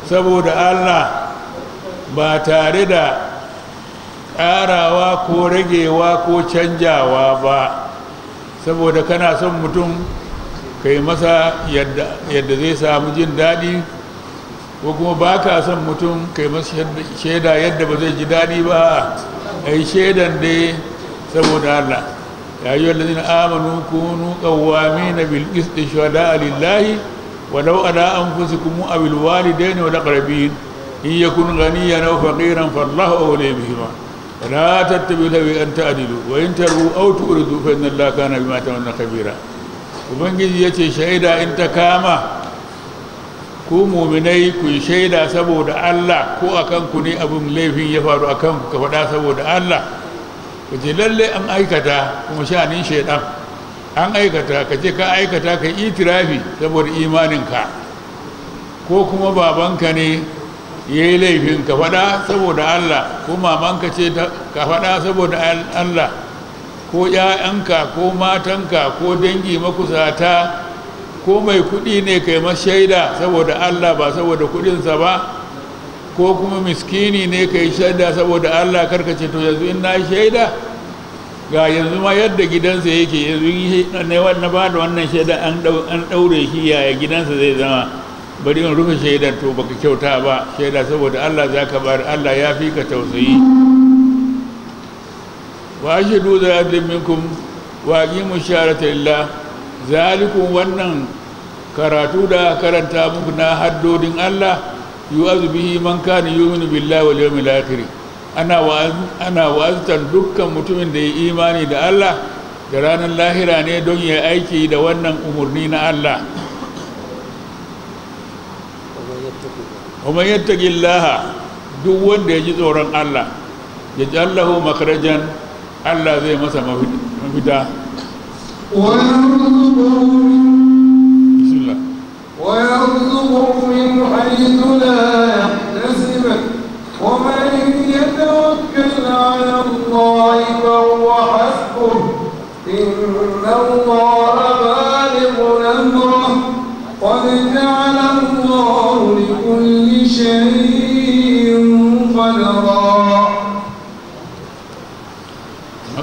saboda allah ba tare da ƙarawa ko ragewa ko canjawa ba saboda kana son mutum kai yi masa yadda zai samu jin daɗi ko kuma ba ka son mutum kai yi masa shaida yadda ba zai ji daɗi ba a yi shaidan dai saboda Allah ya yi wallazi na amanu kunu kawwami na bilkis da shahada lillahi walau ala an fusi kuma a bilwali ne wani ƙarfi in ya kun gani ya nau faƙiran fallahu a wani bihima wala tattabi lawi an ta'adilu wa in taru autu urdu fa inna allaha kana bima ta'maluna khabira ubangiji ya ce shaida in ta kama ku muminai ku yi shaida saboda allah ko a kanku ne abin laifin ya faru a kanku ka faɗa saboda allah ka ce lalle an aikata kuma shanin shaidan an aikata ka ce ka aikata ka yi itirafi saboda imaninka ko kuma babanka ne ya yi laifin ka faɗa saboda allah ko mamanka ce ka faɗa saboda allah ko ‘ya'yanka ko matanka ko dangi makusata ko mai kuɗi ne kai mashaida saboda Allah ba saboda kuɗinsa ba ko kuma miskini ne kai shaida saboda Allah karkace to yanzu in na shaida ga yanzu ma yadda gidansa yake yanzu na ba da wannan shaida an ɗaure shi yaya gidansa zai zama bari in rufe shaidar to baka kyauta ba shaida saboda Allah za ka bar Allah ya fi ka tausayi وأجهدوا ذا عدل منكم وأقيموا الشهادة لله ذلكم wannan karatu da karanta muku na haddodin Allah yu'azu bihi man yi yu'minu billahi wa yawmil akhir ana ana wa'aztan dukkan mutumin da ya imani da Allah da ranar lahira ne don ya aiki da wannan umurni na Allah kuma gillaha duk wanda ya ji tsoron Allah ya jallahu makarajan Allah zai بسم الله ويرزقه من حيث لا يحتسب ومن يتوكل على الله فهو حسبه إن الله بالغ أمره قد جعل الله لكل شيء قدرا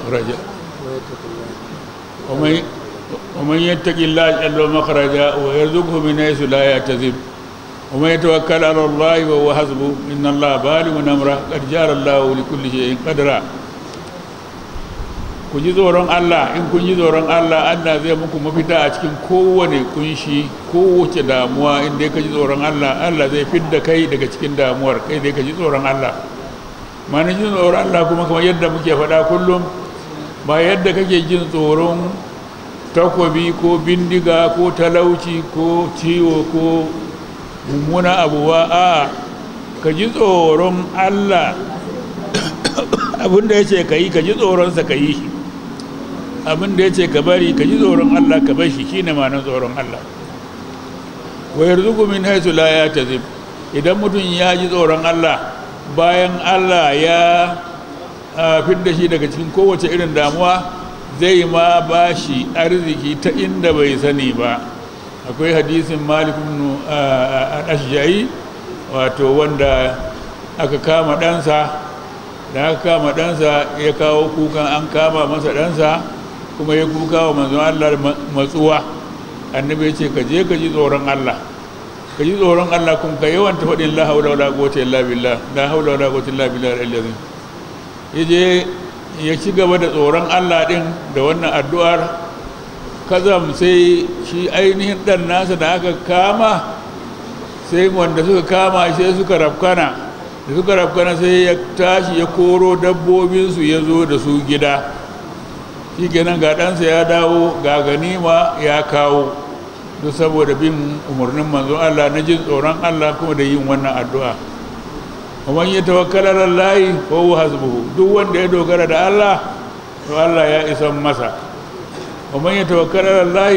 مخرجا ومن يتق الله يجعل له مخرجا ويرزقه من حيث لا يحتسب ومن يتوكل على الله وهو حسبه ان الله بالغ امره قد جعل الله لكل شيء قدرا ku ji tsoron Allah in kun tsoron Allah Allah zai muku mafita a cikin kowane kunshi kowace damuwa in dai ka ji tsoron Allah Allah zai fidda kai daga cikin damuwar kai dai ka ji tsoron Allah ma ji tsoron Allah kuma kamar yadda muke faɗa kullum ba yadda kake jin tsoron takobi ko bindiga ko talauci ko ciwo ko mummuna abuwa a ka ji tsoron allah abinda ya ce ka yi ka ji tsoronsa ka yi shi abinda ya ce ka bari ka ji tsoron allah ka bashi shi shi ne manan tsoron allah wayar zugumin haisu la ya tazib idan mutum ya ji tsoron allah bayan allah ya A fidda shi daga cikin kowace irin damuwa zai ma ba shi arziki ta inda bai sani ba akwai hadisin malikun ashiyayi wato wanda aka kama ɗansa da aka kama ɗansa ya kawo kukan an kama masa ɗansa kuma ya kuka wa manzan Allah matsuwa annabi ya ce ka je ka ji tsoron Allah ka ji tsoron Allah kuma ka yawanta faɗin la haula la quwwata illa billah la haula la quwwata illa billah al-azim ya je ya ci gaba da tsoron allah ɗin da wannan addu'ar kazam sai shi ainihin dan nasa da aka kama sai wanda suka kama sai suka rafkana da suka rafkana sai ya tashi ya koro dabbobinsu ya zo da su gida shi kenan ga ɗansa ya dawo ga ganima ya kawo duk saboda bin umarnin manzon allah na jin tsoron allah kuma da yin wannan addu'a ومن يتوكل على الله فهو حسبه دو وند يدوغر ده الله to Allah ya isan masa ومن يتوكل على الله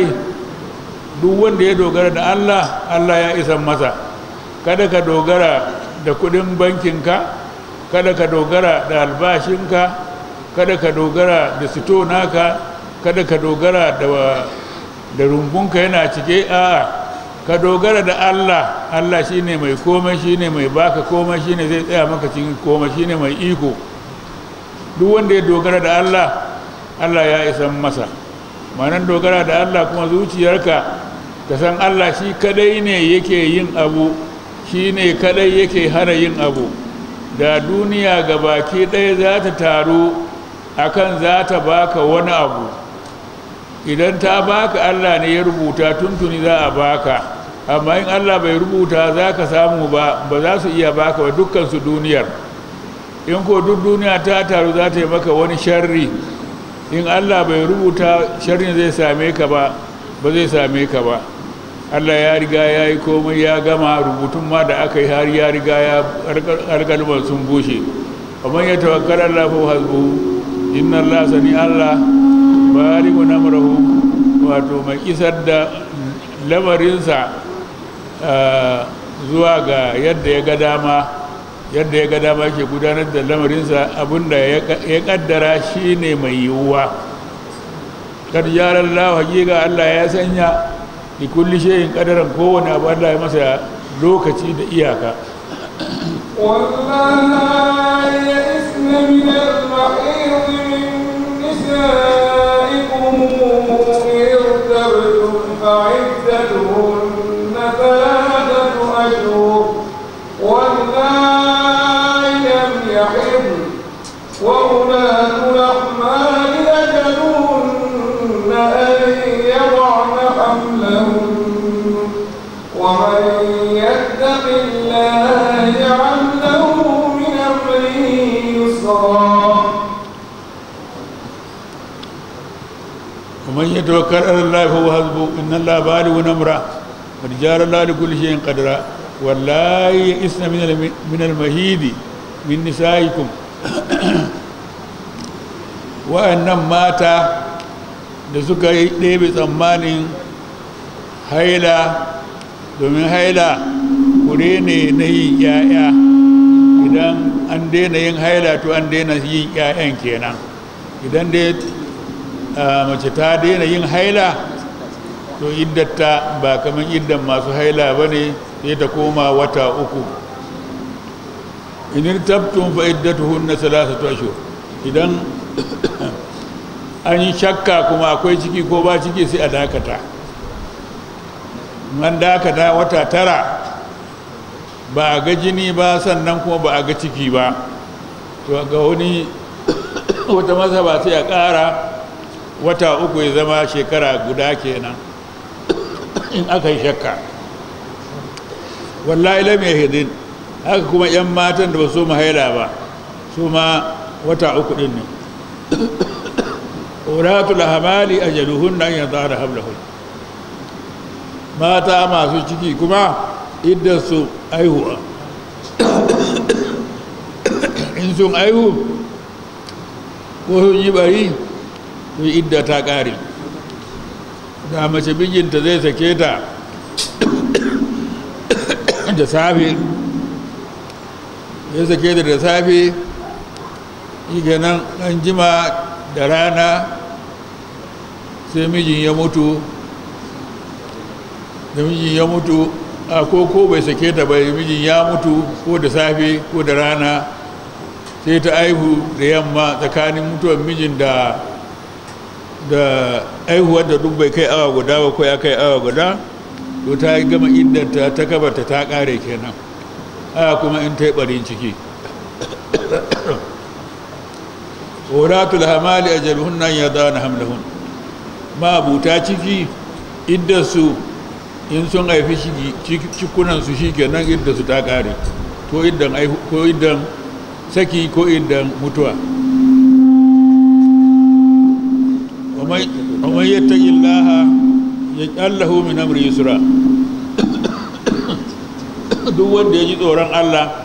دو وند ya dogara da Allah Allah ya isan masa kada ka dogara da kudin bankinka kada ka dogara da albashinka kada ka dogara da sito naka kada ka dogara da rumbunka yana cike a'a ka dogara da Allah Allah shi ne mai komai shi ne mai baka komai shi ne zai tsaya maka cikin komai shi ne mai iko duk wanda ya dogara da Allah Allah ya isan masa manan dogara da Allah kuma zuciyarka ka san Allah shi kadai ne yake yin abu shi ne kadai yake hana yin abu da duniya ga baki ɗaya za ta taru akan za ta baka wani abu idan ta baka Allah ne ya rubuta tuntuni za a baka amma in Allah bai rubuta za ka samu ba ba za su iya baka ba dukkan duniyar in ko duk duniya ta taru za ta yi maka wani sharri in Allah bai rubuta sharrin zai same ka ba ba zai same ka ba Allah ya riga ya yi komai ya gama rubutun ma da aka yi har ya riga ya argalman sun bushe amma ya tawakkal Allah fa hasbu inna Allah sani Allah baligu namrahu wato mai isar da lamarinsa ah, zuwa ga yadda ya ga dama yadda ya ga dama ke gudanar da lamarinsa abinda ya kaddara ne mai yiwuwa kad lawa hakika allah ya sanya da kulli shayin kadaran kowane abu allah ya masa lokaci da iyaka والله فعدتهن ثلاثة أشهر واللائي لم يحضن وأولاة يتوكل على الله فهو حسبه الله بالغ قد جعل الله لكل شيء قدرا ولا يئسن من من المهيد من نسائكم wa'annan mata da suka yi ɗebe tsammanin haila domin haila kure ne na yin ‘ya'ya idan an daina yin haila to an daina yin ‘ya'yan kenan idan dai mace ta daina yin haila to iddata ba kamar iddan masu haila ba ne sai ta koma wata uku in tabtun fa idan an yi shakka kuma akwai ciki ko ba ciki sai a dakata an dakata wata tara ba a ga jini ba sannan kuma ba a ga ciki ba to ga wani wata ba sai a ƙara wata uku ya zama shekara guda kenan in aka yi shakka wallahi lam yahdin haka kuma yan matan da ba su mahaila ba su ma wata uku din ne uratul hamali ajaluhunna an yadhara hablahun mata masu ciki kuma idan su aihuwa in sun aihu ko sun yi bari to idda ta ƙare da mace mijinta zai sake ta da safe zai sake ta da safe yi nan ɗan jima da rana sai mijin ya mutu da mijin ya mutu a ko bai sake ta bai mijin ya mutu ko da safe ko da rana sai ta aihu da yamma tsakanin mutuwar mijin da da aihuwar da duk bai kai awa guda ba ko ya kai awa guda to ta yi gama iddanta ta kabarta ta kare kenan a kuma in ta yi barin ciki horatul hamali a nan ya zana hamlahun ma buta ciki su in sun haifi cikunansu shi kenan su ta kare ko idan saki ko idan mutuwa ومن يتق الله يجعل له من امر يسرا duk wanda ya ji tsoron Allah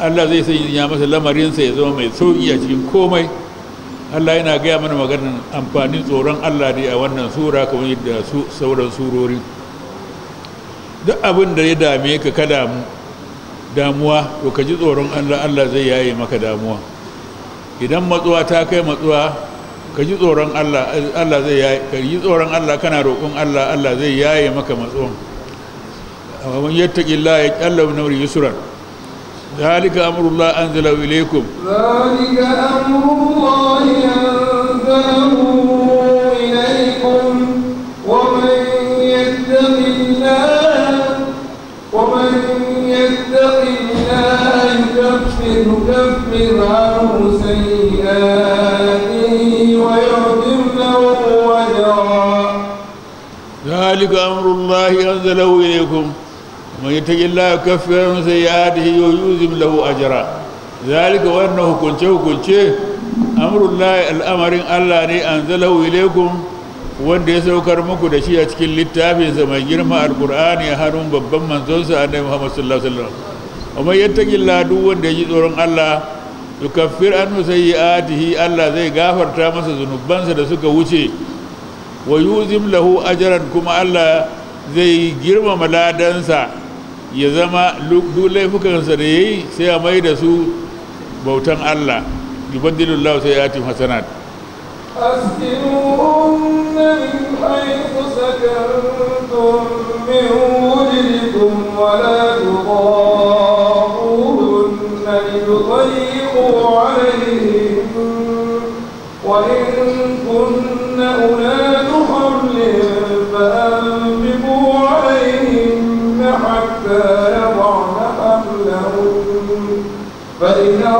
Allah zai sanya masa lamarinsa ya zama mai sauki a cikin komai Allah yana gaya mana maganin amfanin tsoron Allah ne a wannan sura kamar yadda sauran surori duk abin da ya dame ka ka damu damuwa to ka ji tsoron Allah Allah zai yaye maka damuwa idan matsuwa ta kai matsuwa ka ji tsoron Allah Allah zai yaye ka ji tsoron Allah kana roƙon Allah Allah zai yaye maka matsuwan ومن يتق الله يجعل له ذلك أمر الله أنزله إليكم ومن يتق الله يكفر عن سيئاته ويؤذم له أجرا ذلك وأنه كنشه كنشه أمر الله الأمر الله أنزله إليكم wanda ya saukar muku da shi a cikin littafinsa mai girma alkur'ani a hannun babban manzonsa annabi muhammad sallallahu alaihi wasallam amma yattaqilla duk wanda ya ji tsoron Allah yukaffir anhu sayyi'atihi Allah zai gafarta masa zunubansa da suka wuce ويوزم له أجرا كما ألا زي جرم ملادنسا يزما دولي فكرن سري سيامي دسو بوتن الله يبدل الله سيئاتهم حسنات أسكنوهن من حيث سكنتم من وجدكم ولا تضاروهن لتضيقوا عليهم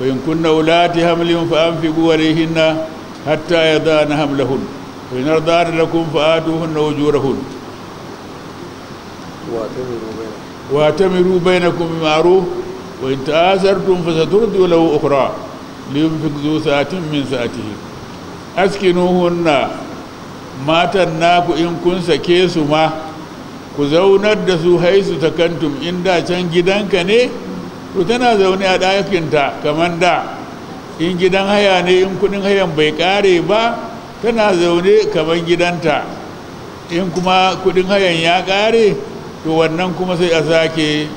فإن كن أولات حمل فأنفقوا عليهن حتى يضعن حملهن وإن أرضان لكم فآتوهن أجورهن واعتمروا بينكم بمعروف وإن تآثرتم فسترضع له أخرى لينفق ذو ساعة من ساعته أسكنوهن matan naku in kun sake su ma ku zaunar da su haisu takantum inda can gidanka ne to tana zaune a ɗakinta kamar da in gidan haya ne in kudin hayan bai ƙare ba tana zaune kamar gidanta in kuma kudin hayan ya ƙare to wannan kuma sai a sake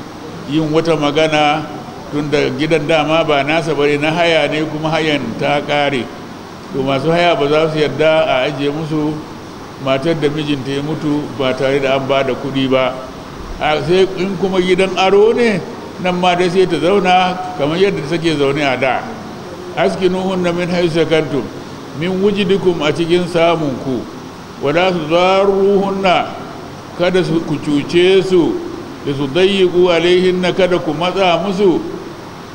yin wata magana tun da gidan dama ba nasa bari na haya ne kuma hayan ta ƙare to masu haya ba za su yarda a ajiye musu matar da mijinta ya mutu ba tare da an ba da kuɗi ba sai in kuma gidan aro ne nan ma dai sai ta zauna kamar yadda take zaune a da nuhun na min haisa sakantum min wujidikum a cikin samun ku zuwar su na kada ku cuce su da su alaihin na kada ku matsa musu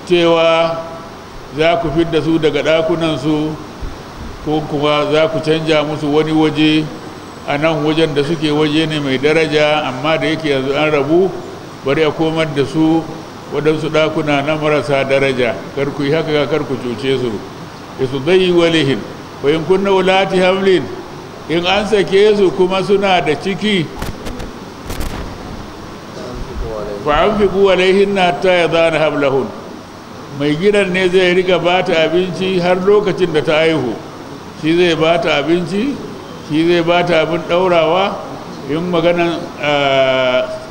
cewa za ku fidda su daga ɗakunansu ko kuma za ku canja musu wani waje a nan wajen da suke waje ne mai daraja amma da yake yanzu an rabu bari a komar da su waɗansu ɗakuna na marasa daraja kar yi haka kar cuce su ya su zai yi walihin bayan kunna wulati hamlin in an sake su kuma suna da ciki fa'an fi kuwa laihin na ta ya zana hamlahun mai gidan ne zai riga ba ta abinci har lokacin da ta haihu shi zai ba ta abinci shi zai ba ta abin ɗaurawa in maganan ah,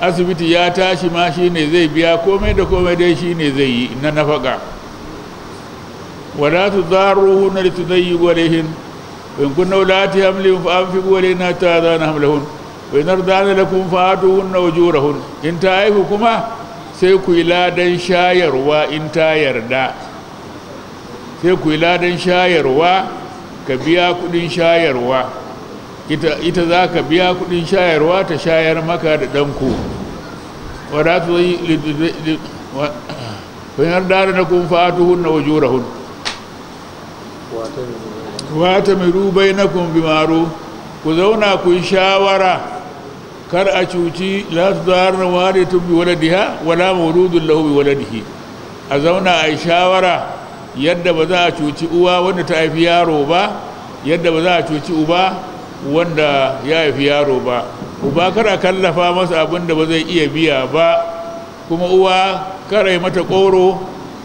asibiti ya tashi ma shi ne zai biya komai da komai dai shi ne zai yi na nafaka wala tu daruhu na su zai yi hin in kun na wulati hamlin fa an fi gwale na ta zana hun, bai nar zana da kun fatu hun na hun, in ta haihu kuma sai ku yi ladan shayarwa in ta yarda sai ku yi ladan shayarwa ka biya kudin shayarwa ita za ka biya kudin shayarwa ta shayar maka da ɗanku wadda su yi fahimar dare na kun fatuhun na wajurahun wata mai rubai na kun bi maru ku zauna ku yi shawara kar a cuci lati zahar na wani tun bi waladiha wala mauludun lahu bi waladihi a zauna a yi shawara yadda ba za a cuci uwa wanda ta haifi yaro ba yadda ba za a cuci uba wanda ya haifi yaro ba uba kara kallafa masa abin da ba zai iya biya ba kuma uwa kara yi mata koro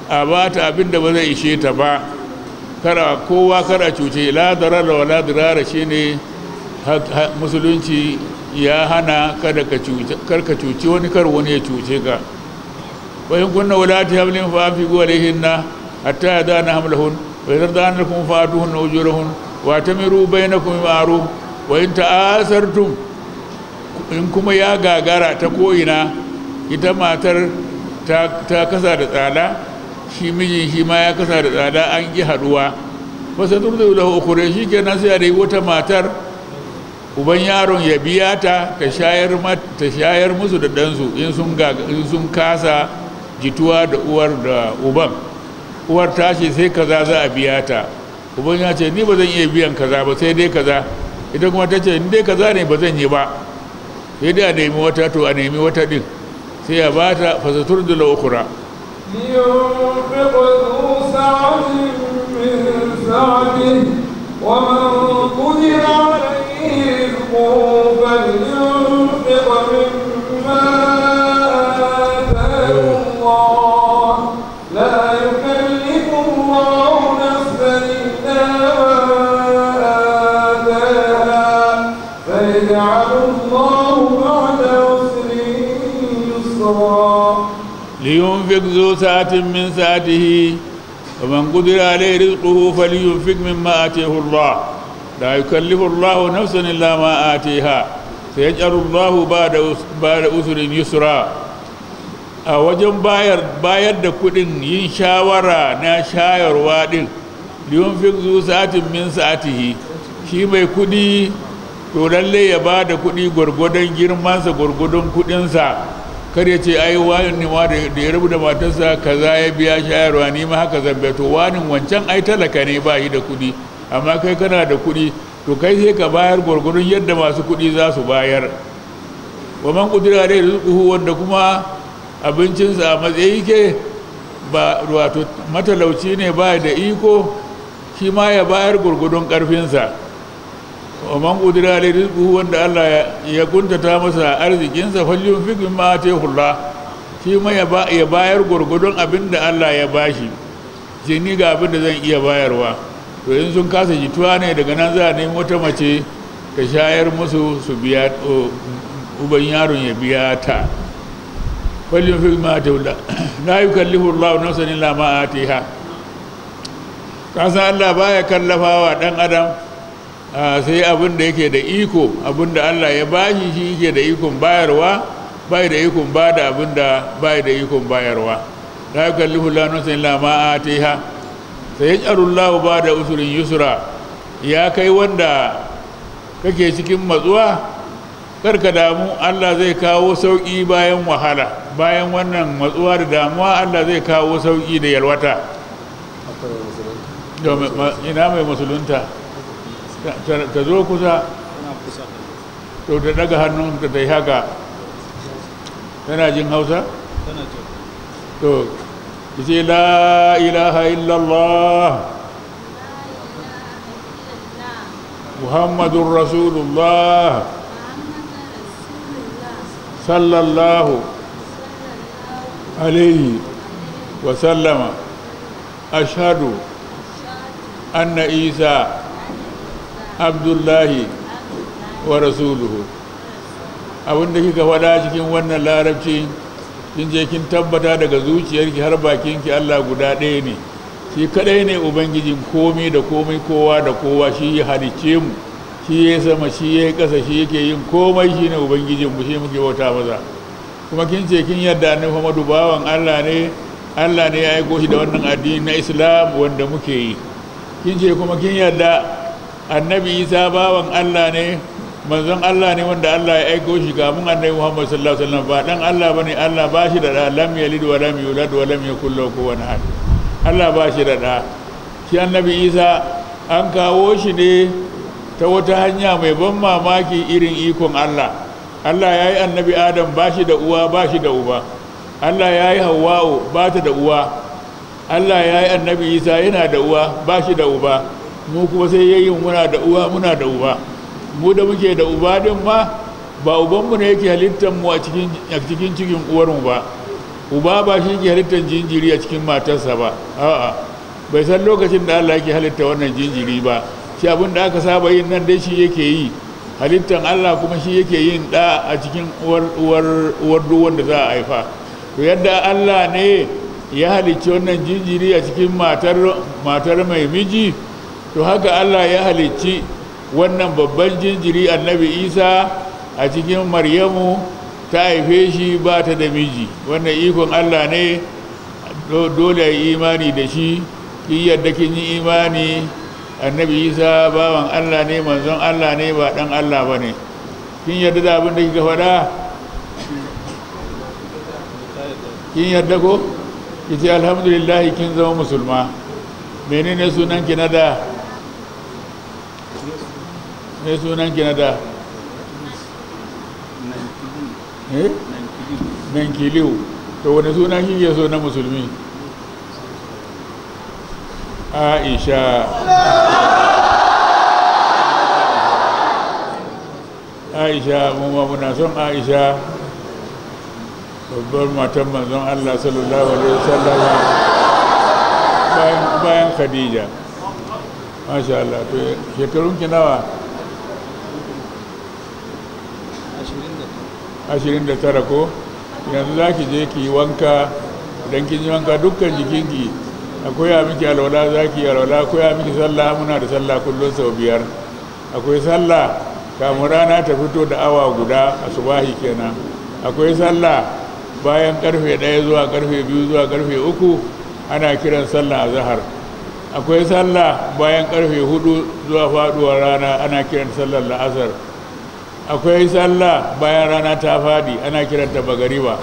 a ba ta abin da ba zai ishe ta ba kara kowa kara cuce ladarar da wa la shi ne musulunci ya hana kada ka cuce karka cuce wani kar wani ya cuce ka wa in kunna walati hamlin fa fi gwalihinna hatta yadana hamlahun wa yadana lakum fa'atuhunna hun? wa ta tamiru bainakum maru wa in ta'asartum in kuma ya gagara ta ko'ina ita matar ta kasa da tsada shi mijin shi ma ya kasa da tsada an ƙi haduwa wasu turdu da hukure shi ke sai a da wata matar uban yaron ya biya ta ta shayar musu da ɗansu in sun kasa jituwa da uwar da uban uwar tashi sai kaza za a biya ta uban ya ce ni ba zan iya biyan kaza ba sai dai kaza ita kuma ta ce dai kaza ne ba zan yi ba sai dai a nemi wata to a nemi wata din sai ya ba ta fasatur da la'ukura man qudira ينفق ذو ساعة من ساعته ومن قدر عليه رزقه فلينفق مما آتيه الله لا يكلف الله a wajen bayar da kuɗin yin shawara na shayarwa ɗin liyon shi mai kuɗi to ya ba da kuɗi gwargwadon girmansa gwargwadon kuɗinsa kar ya ce ai wani ne ma da ya rabu da matarsa kaza ya biya shayarwa ni ma haka zambe to wani wancan ai talaka ne ba yi da kuɗi amma kai kana da kuɗi to kai sai ka bayar gurgurun yadda masu kuɗi za su bayar wa man kudura da rizquhu wanda kuma abincinsa a matsayi ke ba wato matalauci ne ba da iko shi ma ya bayar gwargwadon ƙarfinsa wa man qudira alayhi rizquhu wanda Allah ya kuntata masa arzikinsa fallin falyunfiq mimma ataahu hula shi ma ya bayar gurgudun abin da Allah ya bashi sai ni ga abin da zan iya bayarwa to in sun kasa jituwa ne daga nan za a nemi wata mace ta shayar musu su biya uban yaron ya biya ta fallin fikin ma ta hula wula la yukallifu Allah a ta yi ha kasan Allah baya kallafawa dan adam sai abin da yake da iko abin da Allah ya bashi shi yake da ikon bayarwa bai da ikon ba da abin da bai da ikon bayarwa la yukallifu la nafsan illa ma atiha sayaj'alu ba ba'da usrin yusra ya kai wanda kake cikin matsuwa karka damu Allah zai kawo sauki bayan wahala bayan wannan matsuwa da damuwa Allah zai kawo sauki da yalwata ina mai musulunta ta zo kusa to ta daga hannun ta yi haka tana jin hausa? to ki ce la ilaha illallah muhammadun rasulullah sallallahu alaihi wasallama ashadu anna isa abdullahi wa rasuluhu abinda kika faɗa cikin wannan larabci kin je kin tabbata daga zuciyarki har bakinki Allah guda ɗaya ne shi kaɗai ne ubangijin komai da komai kowa da kowa shi ya halicce mu shi ya sama shi ya yi ƙasa shi yake yin komai shi ne ubangijin mu shi muke wata maza kuma kin ce kin yadda annabi Muhammadu bawan Allah ne Allah ne ya aiko shi da wannan addini na Islam wanda muke yi kin ce kuma kin yadda annabi isa bawan allah ne manzon allah ne wanda allah ya aiko shi ga mun annabi muhammad sallallahu alaihi wasallam ba dan allah bane allah ba shi da da lam yalid wa lam yulad wa lam yakul lahu kufuwan ahad allah ba shi da da shi annabi isa an kawo shi ne ta wata hanya mai ban mamaki irin ikon allah allah ya yi annabi adam ba shi da uwa ba shi da uba allah ya yi hawa'u ba ta da uwa allah ya yi annabi isa yana da uwa ba shi da uba mu kuma sai ya yi muna da uwa muna da uba mu da muke da uba din ma ba ubanmu ne yake halittar mu a cikin cikin uwarmu ba uba ba shi ke halittar jinjiri a cikin matarsa ba a'a bai san lokacin da Allah yake halitta wannan jinjiri ba shi abin da aka saba yin nan dai shi yake yi halittan Allah kuma shi yake yin da a cikin uwar uwar duk wanda za a haifa to yadda Allah ne ya halicci wannan jinjiri a cikin matar matar mai miji to haka Allah ya halicci wannan babban jinjiri annabi isa a cikin maryamu ta haife shi ba ta da miji wannan ikon Allah ne dole yi imani da shi ki yadda kin yi imani annabi isa bawan Allah ne manzon Allah ne ba dan Allah ba ne kin yadda da abin da kika faɗa kin yadda ko ki ce alhamdulillah kin zama musulma menene sunan ki na da Eh? ne sunan ki na da nankiliu to wani sunan kike so na musulmi aisha aisha mu muna son aisha babbar matan manzon allah sallallahu alaihi wasallam bayan khadija masha allah to shekarun ki nawa ashirin da tara ko yanzu za ki je ki yi wanka idan kin yi wanka dukkan jikinki akwai a miki alwala za ki yi alwala akwai miki sallah muna da sallah kullum sau biyar akwai sallah kamun rana ta fito da awa guda a subahi kenan akwai sallah bayan karfe ɗaya zuwa karfe biyu zuwa karfe uku ana kiran sallah a zahar akwai sallah bayan karfe hudu zuwa faduwar rana ana kiran sallar la'asar akwai sallah bayan rana ta fadi ana kiranta bagariba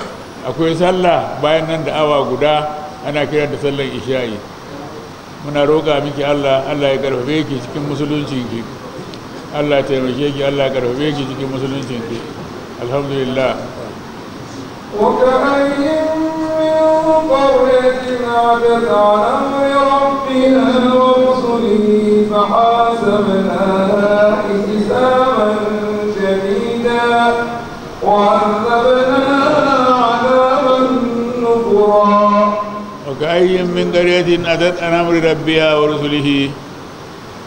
akwai sallah bayan nan da awa guda ana kiranta sallan isha'i muna roƙa miki Allah Allah ya karfafe ki cikin musuluncin ki Allah ya taimake ki Allah ya karfafe ki cikin musuluncin ki alhamdulillah وكأين وكأي من قرية أتت عن أمر ربها ورسله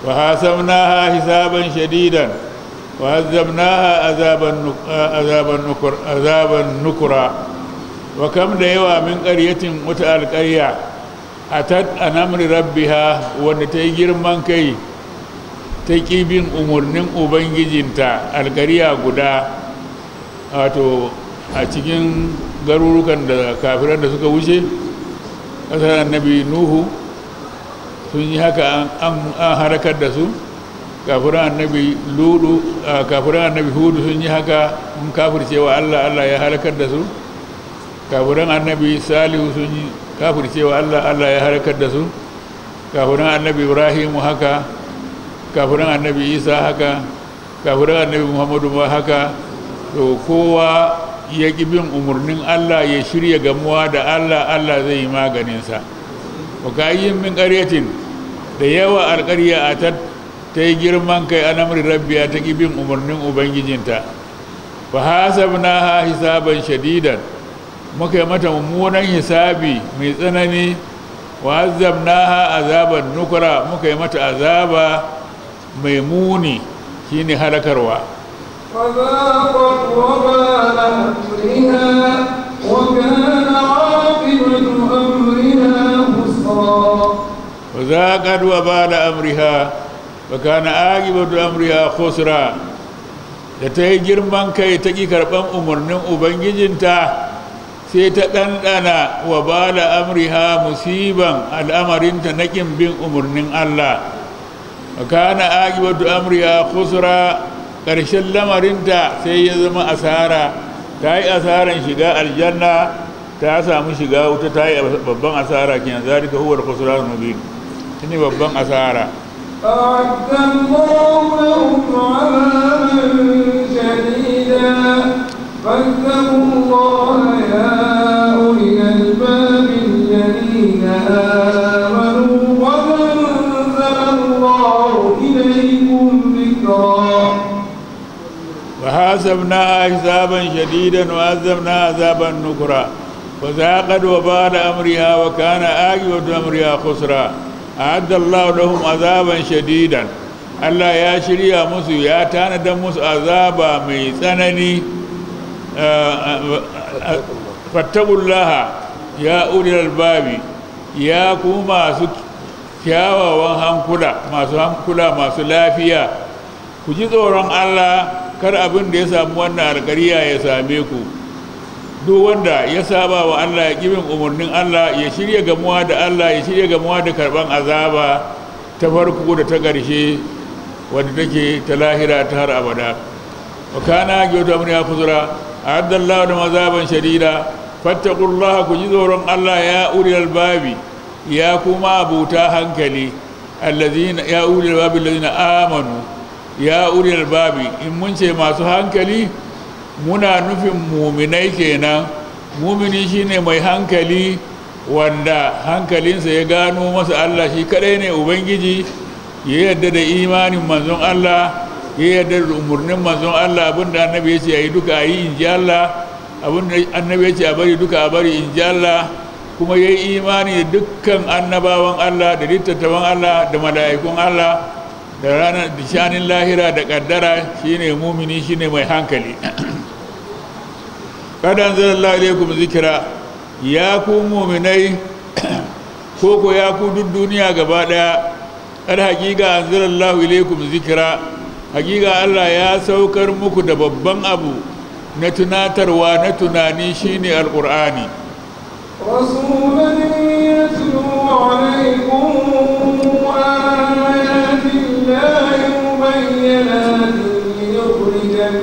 وحاسبناها حسابا شديدا وعذبناها عذابا عذابا نكرا عذابا نكرا وكم ديوا من قرية متى القرية أتت عن أمر ربها ونتيجر من كي تكيبين أمور نم أبنجي جنتا القرية قدا wato a cikin garurukan da kafiran da suka wuce kasar annabi nuhu sun yi haka an harakar da su kafiran annabi ludu kafiran annabi hudu sun yi haka mun kafircewa allah allah ya harakar da su kafiran annabi salihu sun yi kafircewa allah allah ya harakar da su kafiran annabi ibrahimu haka kafiran annabi isa haka kafiran annabi muhammadu ma haka to kowa ya ƙi bin umarnin Allah ya shirya gamuwa da Allah Allah zai yi maganinsa wa kayyin min ƙaryatin da yawa alƙarya a ta ta yi girman kai a amri rabbiya ta ƙi bin umarnin ubangijinta na ha hisaban shadidan muka yi mata mummunan hisabi mai tsanani wa ha azaban nukura muka yi mata azaba mai muni shine halakarwa فذاقت وبال أمرها وكان عاقبة أمرها خسرا فذاقت وبال أمرها وكان عاقبة أمرها خسرا da ta yi girman kai ta ƙi karɓar umarnin ubangijinta sai ta ɗanɗana wa bala amriha musiban al'amarinta na ƙin bin umarnin allah wa kana aqibatu amriha khusra ƙarshen lamarinta sai ya zama asara ta yi asaran shiga aljanna ta samu shiga wuta ta yi babban asara yanzu zalika huwar al-khusran mubin shine babban asara حسبنا حسابا شديدا وعذبنا عذابا نكرا فذاقت وبال أمرها وكان آجوة أمرها خسرا أعد الله لهم عذابا شديدا Allah ya shirya musu ya tanadar musu azaba mai tsanani fattakullaha ya ulil babi ya ku masu kyawawan hankula masu hankula masu lafiya ku ji tsoron Allah kar abin da ya samu wannan alkariya ya same ku duk wanda ya saba wa Allah ya kibin umarnin Allah ya shirya gamuwa da Allah ya shirya gamuwa da karban azaba ta farko da ta ƙarshe wadda take ta lahira ta har abada wa kana gyoto mun ya fuzura abdallahu da mazaban shadida fattaqullaha ku ji tsoron Allah ya uri albabi ya kuma abuta hankali allazina ya uri albabi allazina amanu ya ulil babi in mun ce masu hankali muna nufin muminai kenan mumini shine mai hankali wanda hankalinsa ya gano masa Allah shi kadai ne ubangiji ya yadda da imanin manzon Allah ya yadda da umarnin manzon Allah abinda annabi ya ce yi duka a yi in ji Allah abinda annabi ya ce a bari duka a bari in ji Allah kuma ya yi imani da dukkan annabawan Allah da littattafan Allah da mala'ikun Allah da ranar da lahira da kaddara shine mumini shine mai hankali kadan zallallahu alaikum zikira ya ku muminai koko ya ku duk duniya gaba daya har hakika zallallahu alaikum zikira hakika Allah ya saukar muku da babban abu na tunatarwa na tunani shine alqur'ani rasulan yatlu alaikum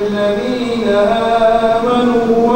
الذين آمنوا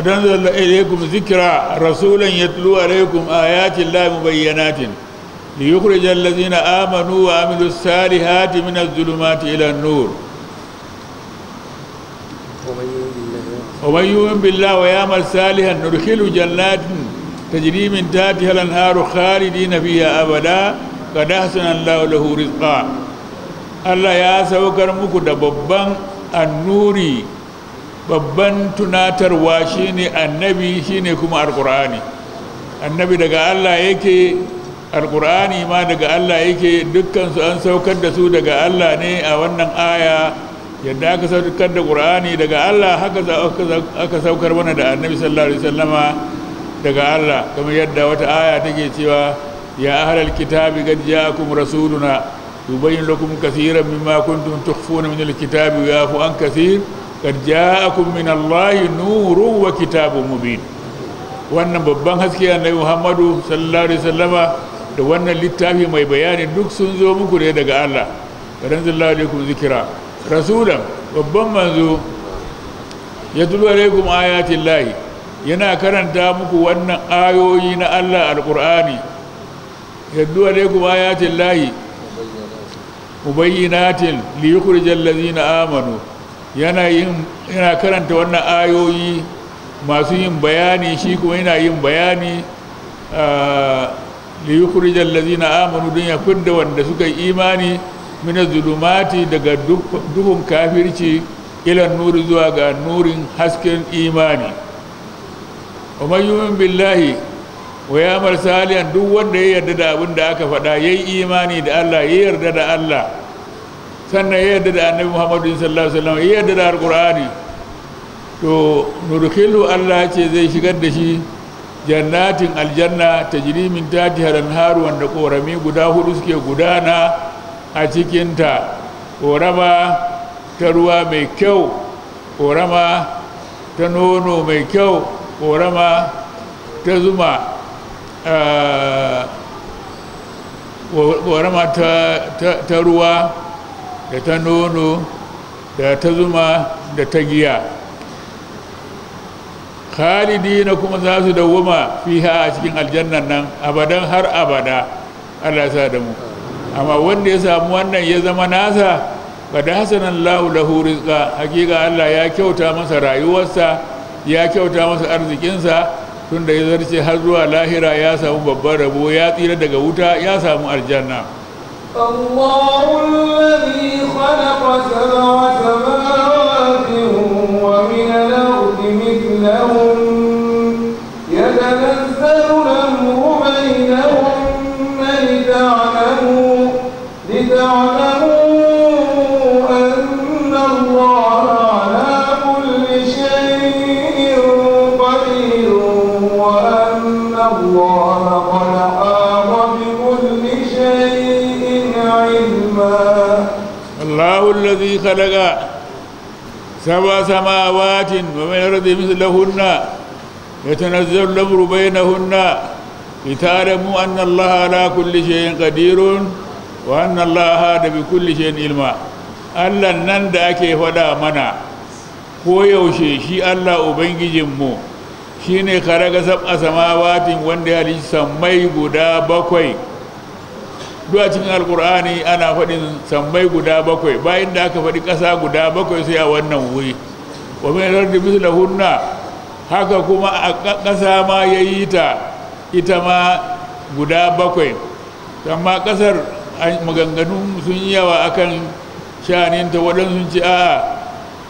لقد أنزلنا إليكم ذكرى رسولا يتلو عليكم آيات الله مبينات ليخرج الذين آمنوا وعملوا الصالحات من الظلمات إلى النور ومن يؤمن بالله ويعمل صالحا ندخل جنات تجري من تحتها الأنهار خالدين فيها أبدا قد أحسن الله له رزقا الله يا سوكر مكو دببان النوري babban tunatarwa shine annabi shine kuma alkur'ani annabi daga allah yake alkur'ani ma daga allah yake dukkansu an saukar da su daga allah ne a wannan aya yadda aka saukar da ƙur'ani daga allah haka aka saukar mana da annabi sallallahu alaihi wasallama daga allah kamar yadda wata aya take cewa ya ahlal kitabi qad ja'akum rasuluna yubayyin lakum kaseeran mimma kuntum tukhfuna min alkitabi wa yafu an kaseer kad ja'akum min allahi nurun wa kitabun mubin wannan babban haske na muhammadu sallallahu alaihi wasallama da wannan littafi mai bayani duk sun zo muku ne daga allah kadan sallallahu alaikum zikira rasulan babban manzo ya tulu alaikum ayatin lahi yana karanta muku wannan ayoyi na allah alqur'ani ya tulu alaikum ayatin lahi mubayyinatin liyukhrijal ladzina amanu yana karanta wannan ayoyi masu yin bayani shi kuma yana yin bayani jallazi na ladzina don ya fidda wanda suka yi imani mina zulumati daga duhun kafirci ilan nuri zuwa ga nurin hasken imani yi min billahi wa ya marsaliyan duk wanda ya yarda da abin da aka fada ya yi imani da Allah ya yarda da Allah sannan ya yadda da annabi muhammadu sallallahu alaihi wasallam yadda da alqur'ani to nurkilu Allah ce zai shigar da shi jannatin aljanna ta jirimin tati haru wanda korami guda hudu suke gudana a cikinta korama ta ruwa mai kyau korama ta nono mai kyau korama ta zuma korama ta ruwa da ta nono da ta zuma da ta giya khalidi na kuma za su dawwama fiha a cikin aljannan nan abadan har abada allah sa da mu amma wanda ya samu wannan ya zama nasa da hasanan lahu lahu rizqa hakika Allah ya kyauta masa rayuwarsa ya kyauta masa arzikinsa tunda ya zarce har zuwa lahira ya samu babban rabo ya tsira daga wuta ya samu aljanna الله الذي خلق سبع سماوات الذي خلق سبع سماوات ومن الأرض مثلهن يتنزل الأمر بينهن لتعلموا أن الله على كل شيء قدير وأن الله هذا بكل شيء علما Allah nan da ake faɗa mana koyaushe shi Allah Ubangijinmu shine ne karaga sab a samawatin wanda ya halitta sammai guda bakwai duk a cikin alkur'ani ana faɗin sammai guda bakwai bayan da aka faɗi ƙasa guda bakwai sai a wannan wuri wa min ardi hunna haka kuma a ƙasa ma ya yi ta ita ma guda bakwai amma ƙasar maganganu sun yawa akan shaninta waɗansu ci a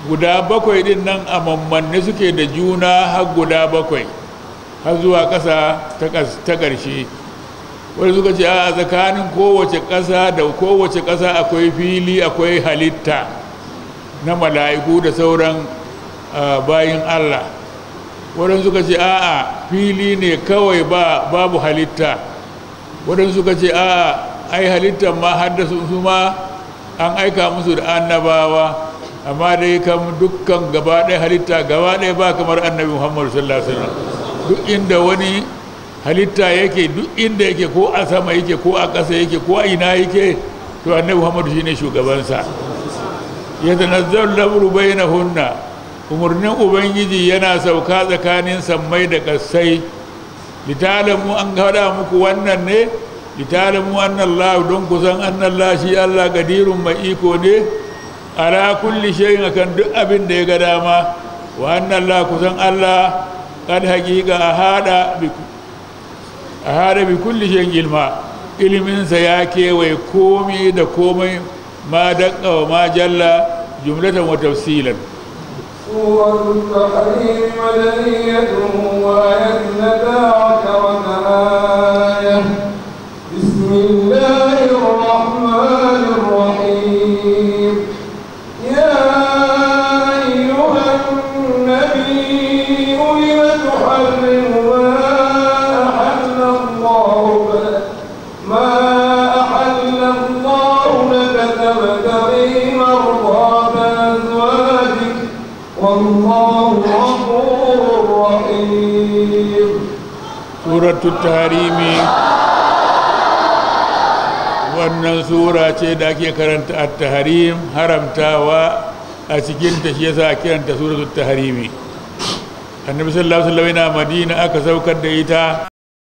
guda bakwai ɗin nan a mammanne suke da juna har guda bakwai har zuwa ƙasa ta ƙarshe wani suka ce a tsakanin kowace ƙasa da kowace ƙasa akwai fili akwai halitta na mala'iku da sauran bayin allah waɗansu suka ce a'a fili ne kawai ba babu halitta waɗansu suka ce a'a ai halittar ma haddasa su ma an aika musu da annabawa amma dai kam dukkan gaba ɗaya halitta gaba ɗaya ba kamar annabi muhammadu sallallahu alaihi wasallam duk inda wani halitta yake duk inda yake ko a sama yake ko a ƙasa yake ko a ina yake to annabi muhammadu shine shugabansa ya tanazzalu lamru bainahunna umarnin ubangiji yana sauka tsakanin sammai da kasai litalamu an gada muku wannan ne litalamu annallahu don kusan annallahu shi allah gadirun mai iko ne ala kulli shayin akan duk abin da ya ga dama wa annallah kusan allah kad haqiqa a haɗa a harabi kulli shi ilma iliminsa ya kewaye komai da komai ma daƙa wa ma jalla jumlatan wa tafsilan suratu tarimi wannan sura ce da ake karanta a taharim haramtawa a cikin ta shi yasa a kiranta suratu taharimi annabi sallallahu alaihi wasallam yana madina aka saukar da ita